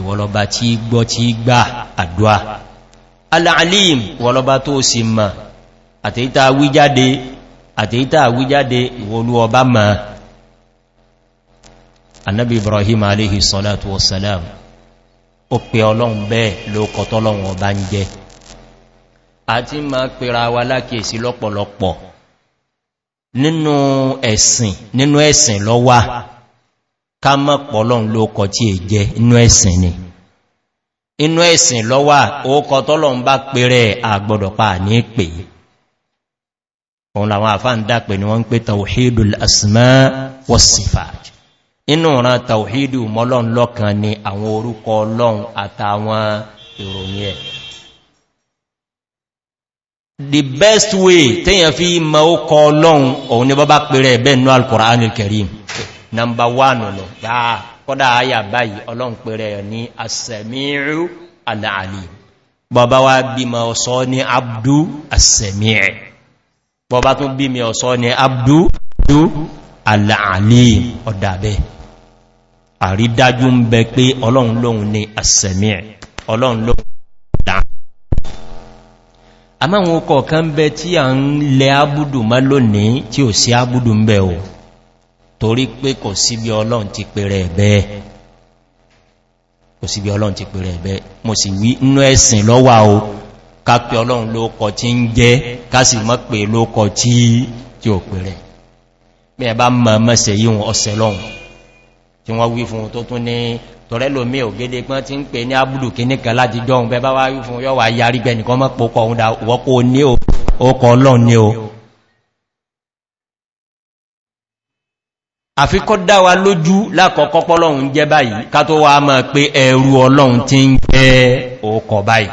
Speaker 1: ìwọlọba tí gbọ́ tí gbà àdúwà al'alim wọlọba tó sì mọ̀ àtẹ́ta wíjáde àtẹ́ta wíjáde ìwọlú ọba mọ̀ annabi ibrahim aléhì sọ́látù wasalam ó pẹ ọlọ́run bẹ́ẹ̀ ló kọtọ́lọ́run ọba ń jẹ àti ma pèrà wa lákèsí lọ́pọ̀lọpọ̀ nínú ẹ̀sìn lọ́wà ká mọ́ pọ̀lọ́n ló kọ tí è jẹ inú ẹ̀sìn ni inú ẹ̀sìn lọ́wà oókọ tọ́lọ̀n bá pèrè àgbọ̀dọ̀pá ní pè òun làwọn àfá ń dápè ni wọ́n ń pè tàwíhìdù asìmá wọ́sífà inú ran tàwíhìdù mọ́lọ́n lọ́kan ni àwọn orúkọ ọlọ́run àtàwọn ìròyìn ẹ̀ the best way téèyàn fi mọ́ ó kọ ọlọ́run òun ni bọ́ bá pèrè ẹ̀bẹ́ inú alkùnrin kẹrìm nọmbà wánù nù dáa kọ́dá ayà báyìí ọlọ́npẹ̀rẹ̀ ní asẹ̀míru aláàlì bọ́bá wá bí ma ọ̀sọ́ ní abdú asẹ̀míẹ̀ bọ́bá tún bí mi ọ̀sọ́ ní abdú aláàlì ọ̀dàbẹ́ àrídájú ń bẹ pé ọlọ́run lóhun ní asẹ̀míẹ̀ ọlọ́run lóhun àmáwọn ọkọ̀ kan bẹ tí a ń lẹ ábúdù má lónìí tí ò sí ábúdù ń bẹ̀ torí pé kò síbí ọlọ́run ti pèrè ẹ̀bẹ́ kò síbí ọlọ́run ti pèrè ẹ̀bẹ́ mo sì wí inú ẹ̀sìn lọ́wà o ká pẹ ọlọ́run ló kọ tí ń jẹ́ ká sì mọ́ pé ló kọ tí tí ò pèrè bí ẹ bá mọ̀ mọ́sẹ̀ yíwọ̀n ọ̀sẹ̀ lọ́run tí wọ́n wí fún tó tún ní tọ̀rẹ́ lómi ògédé pọ́n ti ń pè ní abúlù kìníkan láti dọ́hun bẹ bá wá yí fún yọ́wà yarí gbẹ̀nìkan mọ́ pọ́kọ̀ òun dá wọ́pọ̀ ní ó kọ ọlọ́run ní o àfikọ́ dá wa lójú lákọ̀ọ́kọ́ pọ́lọ́hun jẹ́ báyìí ká tó wá máa pé ẹ̀rù ọlọ́run ti ń jẹ́ ọkọ̀ báyìí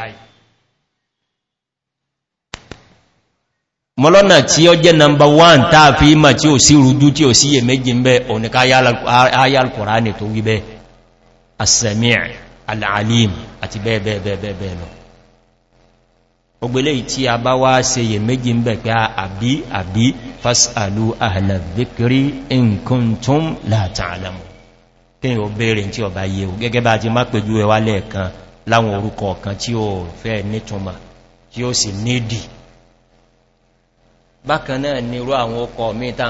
Speaker 1: mọ́lọ́nà tí ó jẹ́ nọmbà 1 táà fi ìmọ̀ tí ó sí rújú tí ó sí yẹ méjì ń bẹ́ òníká ayálkùnránì tó wí bẹ́ asẹ̀mí al'alim àti bẹ́ẹ̀ lọ ogbele tí a bá wá se yẹ méjì ń bẹ̀ pé àbí àbí fásàlú àhàlàdíkiri nǹkan tó ń látàlàmù kí o bèèrè tí ọba yẹ o gẹ́gẹ́ bá ti má pẹ̀jú ẹwà lẹ́ẹ̀kan láwọn orúkọ ọ̀kan tí ó fẹ́ nítùmà tí ó sì nídì bákan náà ni irú àwọn ọkọ̀ mẹ́ta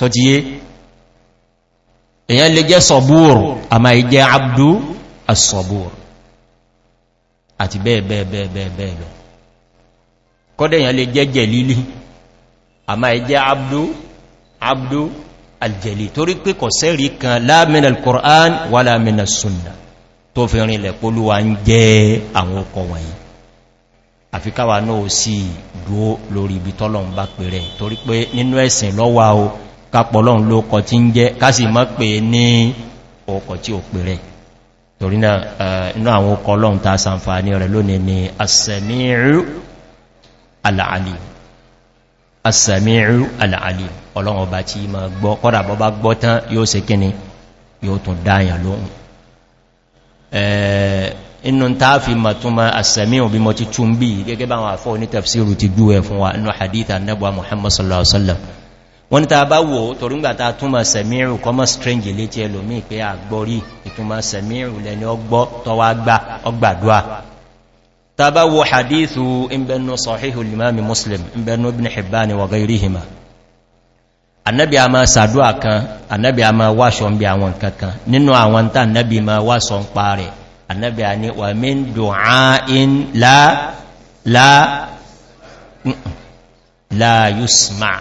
Speaker 1: sọ ti yé èyàn lè jẹ́ sọ̀búrù àmà ìjẹ́ abdú asọ̀búrù àti bẹ́ẹ̀bẹ́ẹ̀bẹ́ẹ̀bẹ́ẹ̀ lọ kọ́dẹ̀ èyàn lè jẹ́ jẹ̀lílì àmà ìjẹ́ abdú abdú aljẹ̀lì torí pé kọ̀ sẹ́rí kan láàmìn al-qur'an wà láàmìn al-sunna tó fi rinlẹ̀ polúwa ń jẹ́ àwọn ọkọ̀ wọ̀nyí àfikáwà náà sí dúó lórí ibi tọ́lọ̀ ń bá pẹ̀rẹ̀ torí pé nínú ẹ̀sìn lọ́wà o kápọ̀lọ́un ló kọ tí ń jẹ́ kásì mọ́ pé ní ọkọ̀ tí ò pèrè torí náà inú àwọn ọkọ̀ ọlọ́run ta sàǹfàní rẹ̀ lónìí ni asẹ̀míru alàálì ọlọ́run ọba tí ma gbọ́ kọ́dà bọ́ bá gbọ́ tán yóò se kíni yóò tún dáyà lóhun inú ta fi matuma asẹ̀míru bí mo ti tún bí gẹ́gẹ́ báwọn wa inú hadita annabuwa muhammadu sallallahu alaihi wasallam wọ́n ni ta bá wò torúngbàta túnmọ̀ sẹ̀mírù kọmọ̀ strange létí ẹlòmí pé àgbọ́rí ìtúnmọ̀ sẹ̀mírù lẹni ọgbọ́ tọwà ọgbàdúwà ta bá wò hadithu ìbẹnu sọ̀híhù limami muslim ìbẹnu ibn hibbani wa gairihima annabi a ma sàdúwà kan annabi a ma wáṣọ ń bí àwọn kankan nínú àwọn tá annabi ma wáṣọ ń pa annabi a ní wà mí dùn áín láà yusma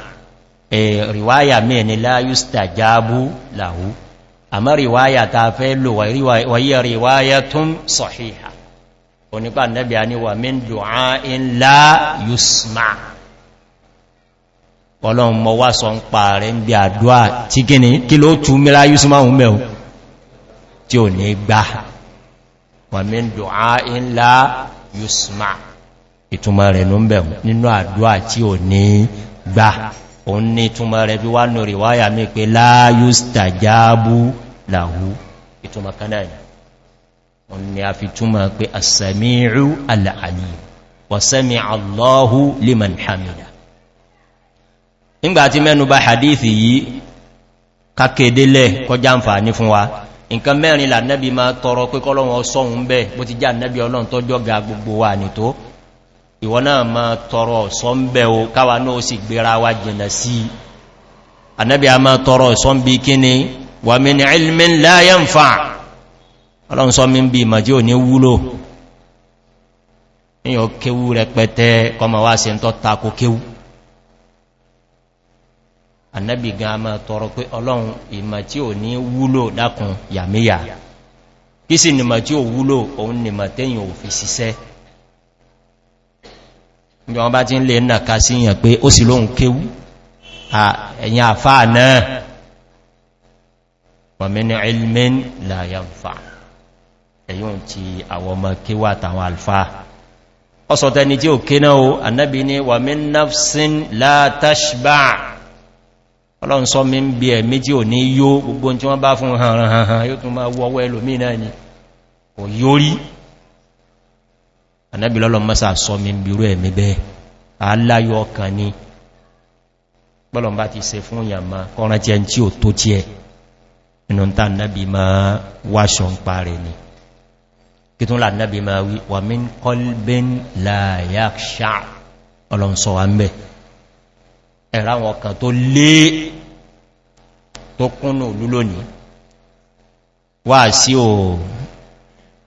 Speaker 1: Eh, ríwáyà mẹ́ni láyústa jábú láhú àmá ríwáyà ta fẹ́ lò wáyé ríwáyà tún sọ̀híhà onípa nẹ́bí a níwà mín dùnà in láyúsmà ọlọ́run mọ́ wá sọ ń pa rẹ̀ ń bí àdúwà tí gíní kí ló tú mílá yúsùmá ń mẹ́ tí ò ní gbá òun ní túnmà rẹ̀ fi wá nù rí wáyà mí pé láyústà jáábú làhú ìtùmà kanáà òun ni a fi túnmà pé asàmírù alààlì wàsẹ́mi allahu liman hamida nígbàtí mẹ́nubá hadithi yìí kakédélẹ̀ kọjá ń fà fún wa nǹkan mẹ́rin là ma tọrọ pé kọ́lọ́wọ́ sọ́hun bẹ́ bó ti já nẹ́bí ọlọ́run tọ́jọ́ ga gbogbo wa nìtó ìwọ náà ma tọrọ sọ́mbẹ̀ o káwà náà sì gbéra wa jìnà sí anábi a ma tọrọ sọ́mbí kíni wà mí ní ilmin láyán fa ọlọ́run sọ mi bí ìmọ̀jí ò ní wúlò ní yóò kéwú rẹpẹtẹ kọmọ wá sí tọ́ tako kéwú anábi gan ma tọrọ pé ọlọ́run ìmọ̀jí ò ní wúlò dákun yàmíyà ìjọ wọn bá ti ń lè nàka sí yàn pé ó sì lóhun kéwú ẹ̀yìn àfá náà wọ̀mínú ilmin láyàmfà ẹ̀yìn ti àwọn ọmọ kéwú àtàwọn alfà ọsọ̀tẹ́ ni tí ó ké náà o annabi ni wọ̀mín nafsin látàṣbà ọlọ́nsọ́ mi ń bí ẹ̀ méjì ò ní yóò gbogbo tí wọ́n bá fún hàn hàn hàn yóò tún máa wọ́wọ́ ẹlòmí ni kò yóò anábìlọ́lọ́ mọ́sà sọ mi bírú ẹ̀mí bẹ́ẹ̀ aláyọ ọkàn ni gbọ́lọ̀ bá ti se fún ìyàmá kọ́ran tí ẹn tí ò tó tí ẹ inú ta nábi ma wáṣọ ń pa rẹ̀ ni kí tún láà ma wí wà mí kọlbín láyàṣà ọlọ́nsọ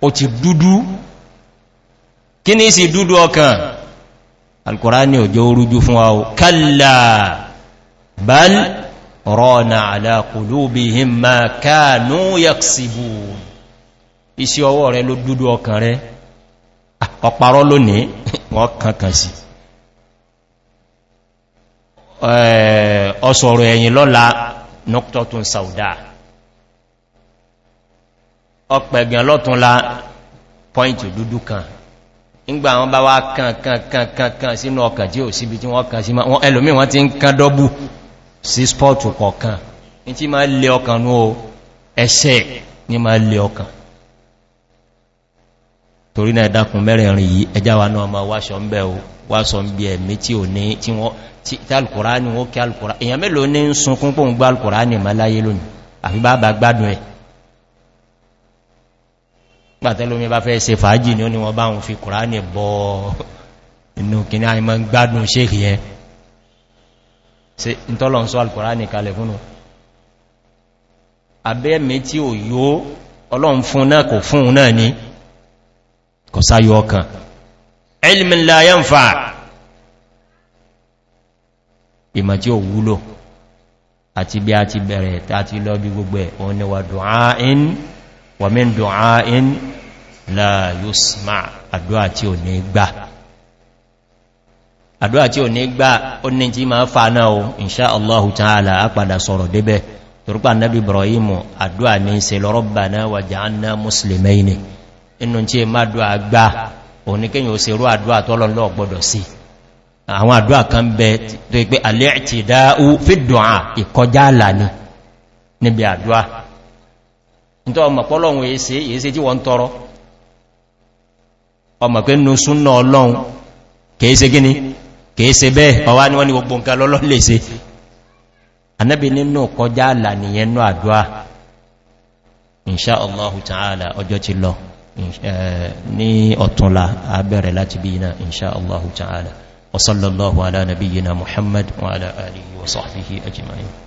Speaker 1: ó ti dúdú kí ní sí dúdú ọkàn alkùránì òjò orújú fún wa kalla bal rọ́nà alákùlúbihim ma kánú yaksibu iṣẹ́ ọwọ́ rẹ ló dúdú ọkàn rẹ ọparọ́ ah, lónìí wọ́n kankan sí ọsọ̀rọ̀ ẹ̀yìn lọ́la nọ́kútọ́tún sauda ọpẹ̀gàn lọ́túnla pọ́ìntì dúdú kan nígbà wọn bá wá kan kan kan kan kan sínú ọkàn tí ò síbi tí wọ́n kan sí wọn ẹlòmí wọ́n ti ń kan dọ́bù sí spọ́ọ̀tù kọ̀ọ̀kan ní tí ma lè ọkàn ní o ẹṣẹ́ ní ma lè ọkàn torí náà dákun mẹ́rẹ̀rin yìí ẹjá wa náà ma wáṣọ ń bẹ́ o wáṣọ ń bí ẹ̀mí tí ò ní tí wọ́n tí alkùrá ní kí alkùrá èèyàn mélòó ní ń sunkún pòun gbá ní ìmáláyé lónìí àfi bá gbádùn ẹ̀ gbàtẹ́lómi bá fẹ́ ṣe fàájì ní ó ní wọ́n bá ń fi kùránì bọ́ inú kìíní àìmọ́ gbádùn ṣéèkì yẹn se n tọ́lọ̀ ń sọ alkùránì kalẹ̀ fún un abẹ́mẹ́ tí ò yóò ọlọ́run fún náà kò fún un náà ní kò sáyọ ọkàn elminlayanfa ìmọ̀ tí ò wúlò wà mí dùn áìn láàyòsímà àdúwà tí ò ní gbà àdúwà tí ò ní gbà ó ní tí ma fa náà o inṣá allahu ta'ala a padà sọ̀rọ̀ débẹ̀ turpa nabi ibrahim àdúwà ní se lọ́rọ̀bà náà wà jẹ́ anna musulmai ne inú tí ma dùwà gbà òníkẹ́yìn ò se rú àdúwà tọ́lọ́ lọ́ gbọ́dọ̀ sí àwọn àdúwà kan bẹ tó ipé alẹ́ dáú fídùn à ìkọjá àlà níbi àdúwà tó ọmọ pọ́lọ́run èése èése tí wọ́n tọrọ ọmọ pé nù súnnà ọlọ́run kèése gíní kèése bẹ́ẹ̀ ọwá ní wọ́n ni gbogbo nǹkan lọ́lọ́ lè se anábi nínú kọjá àlà nìyẹn nú àdúwà inṣá allahu ta'ala ọjọ́ ti lọ ní ọ̀túnla abẹ́rẹ̀ láti bí iná inṣá allahu ta'ala wasallallahu ala nabiyyina muhammad wa ala alihi wa sahbihi ajma'in